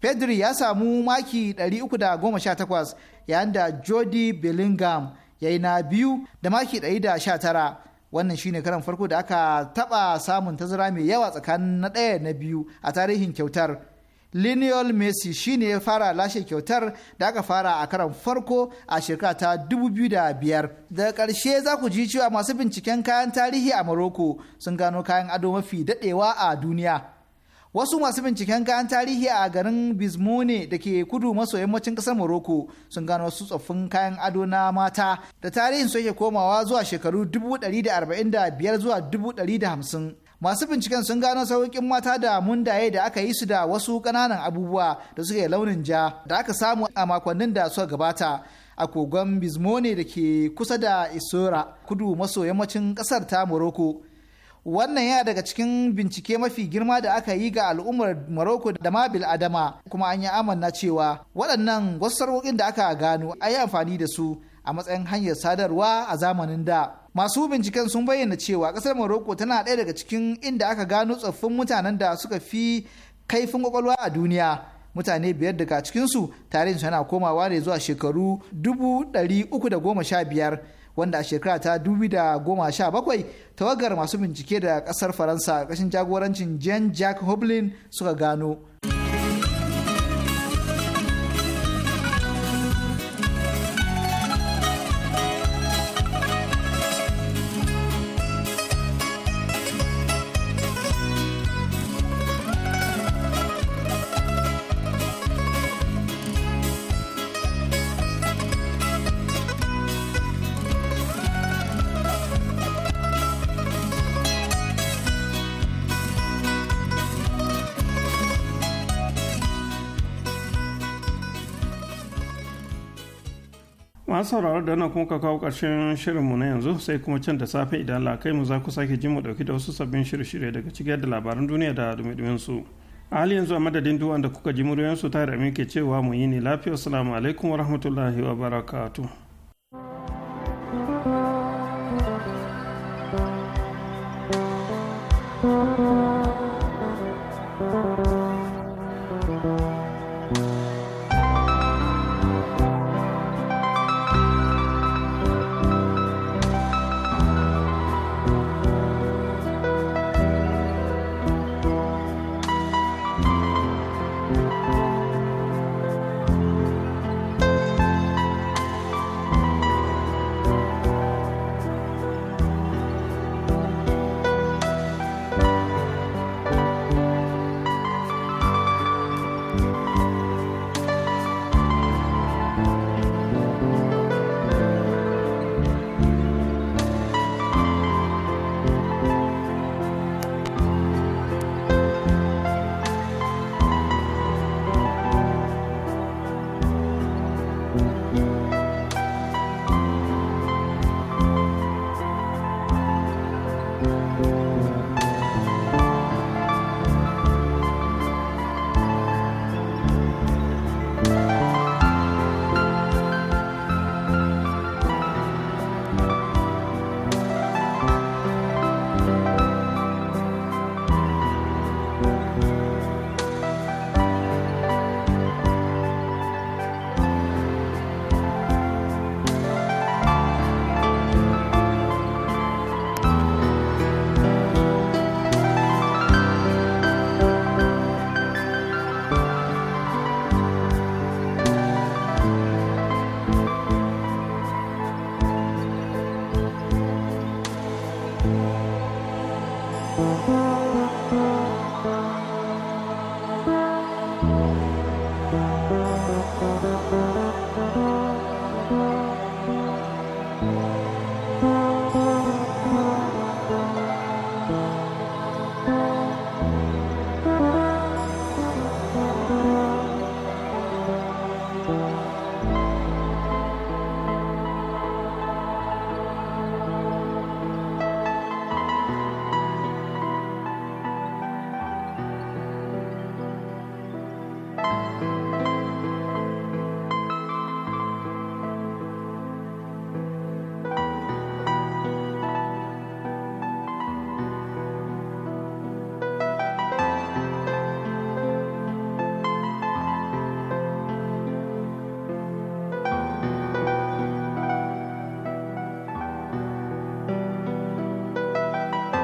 pedri ya samu maki 318 yayin da jody bellingham ya yi na biyu da maki 119 wannan shine karan farko da aka taɓa samun tazara mai yawa tsakanin na ɗaya na biyu a tarihin kyautar Lionel Messi shine ya fara lashe kyautar da aka fara a karan farko a shekara ta 2005. Daga karshe za ku ji cewa masu binciken kayan tarihi a Morocco sun gano kayan ado mafi daɗewa a duniya. Wasu masu binciken kayan tarihi a garin Bizmone da ke kudu maso yammacin ƙasar Morocco sun gano wasu tsoffin kayan ado na mata da tarihin su yake komawa zuwa shekaru 145 zuwa 150. masu binciken sun gano sauƙin mata da mundaye da aka yi su da wasu ƙananan abubuwa da suka yi launin ja da aka samu a makonnin da suka gabata a kogon bizmone da ke kusa da isora kudu maso yammacin ƙasar ta morocco wannan yana daga cikin bincike mafi girma da aka yi ga al'ummar Morocco da ma adama kuma an yi amanna cewa waɗannan wasu sarwokin da aka gano a yi amfani da su a matsayin hanyar sadarwa a zamanin da. masu binciken sun bayyana cewa kasar morocco tana ɗaya daga cikin inda aka gano tsoffin mutanen da suka fi kaifin kwakwalwa a duniya mutane biyar daga cikinsu tarihinsu yana komawa ne zuwa shekaru 315 wanda a shekara ta da tawagar masu bincike da kasar faransa kashin jagorancin jean jack hoblin suka gano. masu sauraro da wannan kuma ka kawo ƙarshen shirinmu na yanzu sai kuma can da safe idan kai mu za ku sake jin mu ɗauki da wasu sabbin shirye-shirye daga cikin da labaran duniya da dumi su. A hali yanzu a madadin duwan da kuka ji ta yi da ke cewa mu yi ne lafiya. Assalamu alaikum wa rahmatullahi wa barakatuh.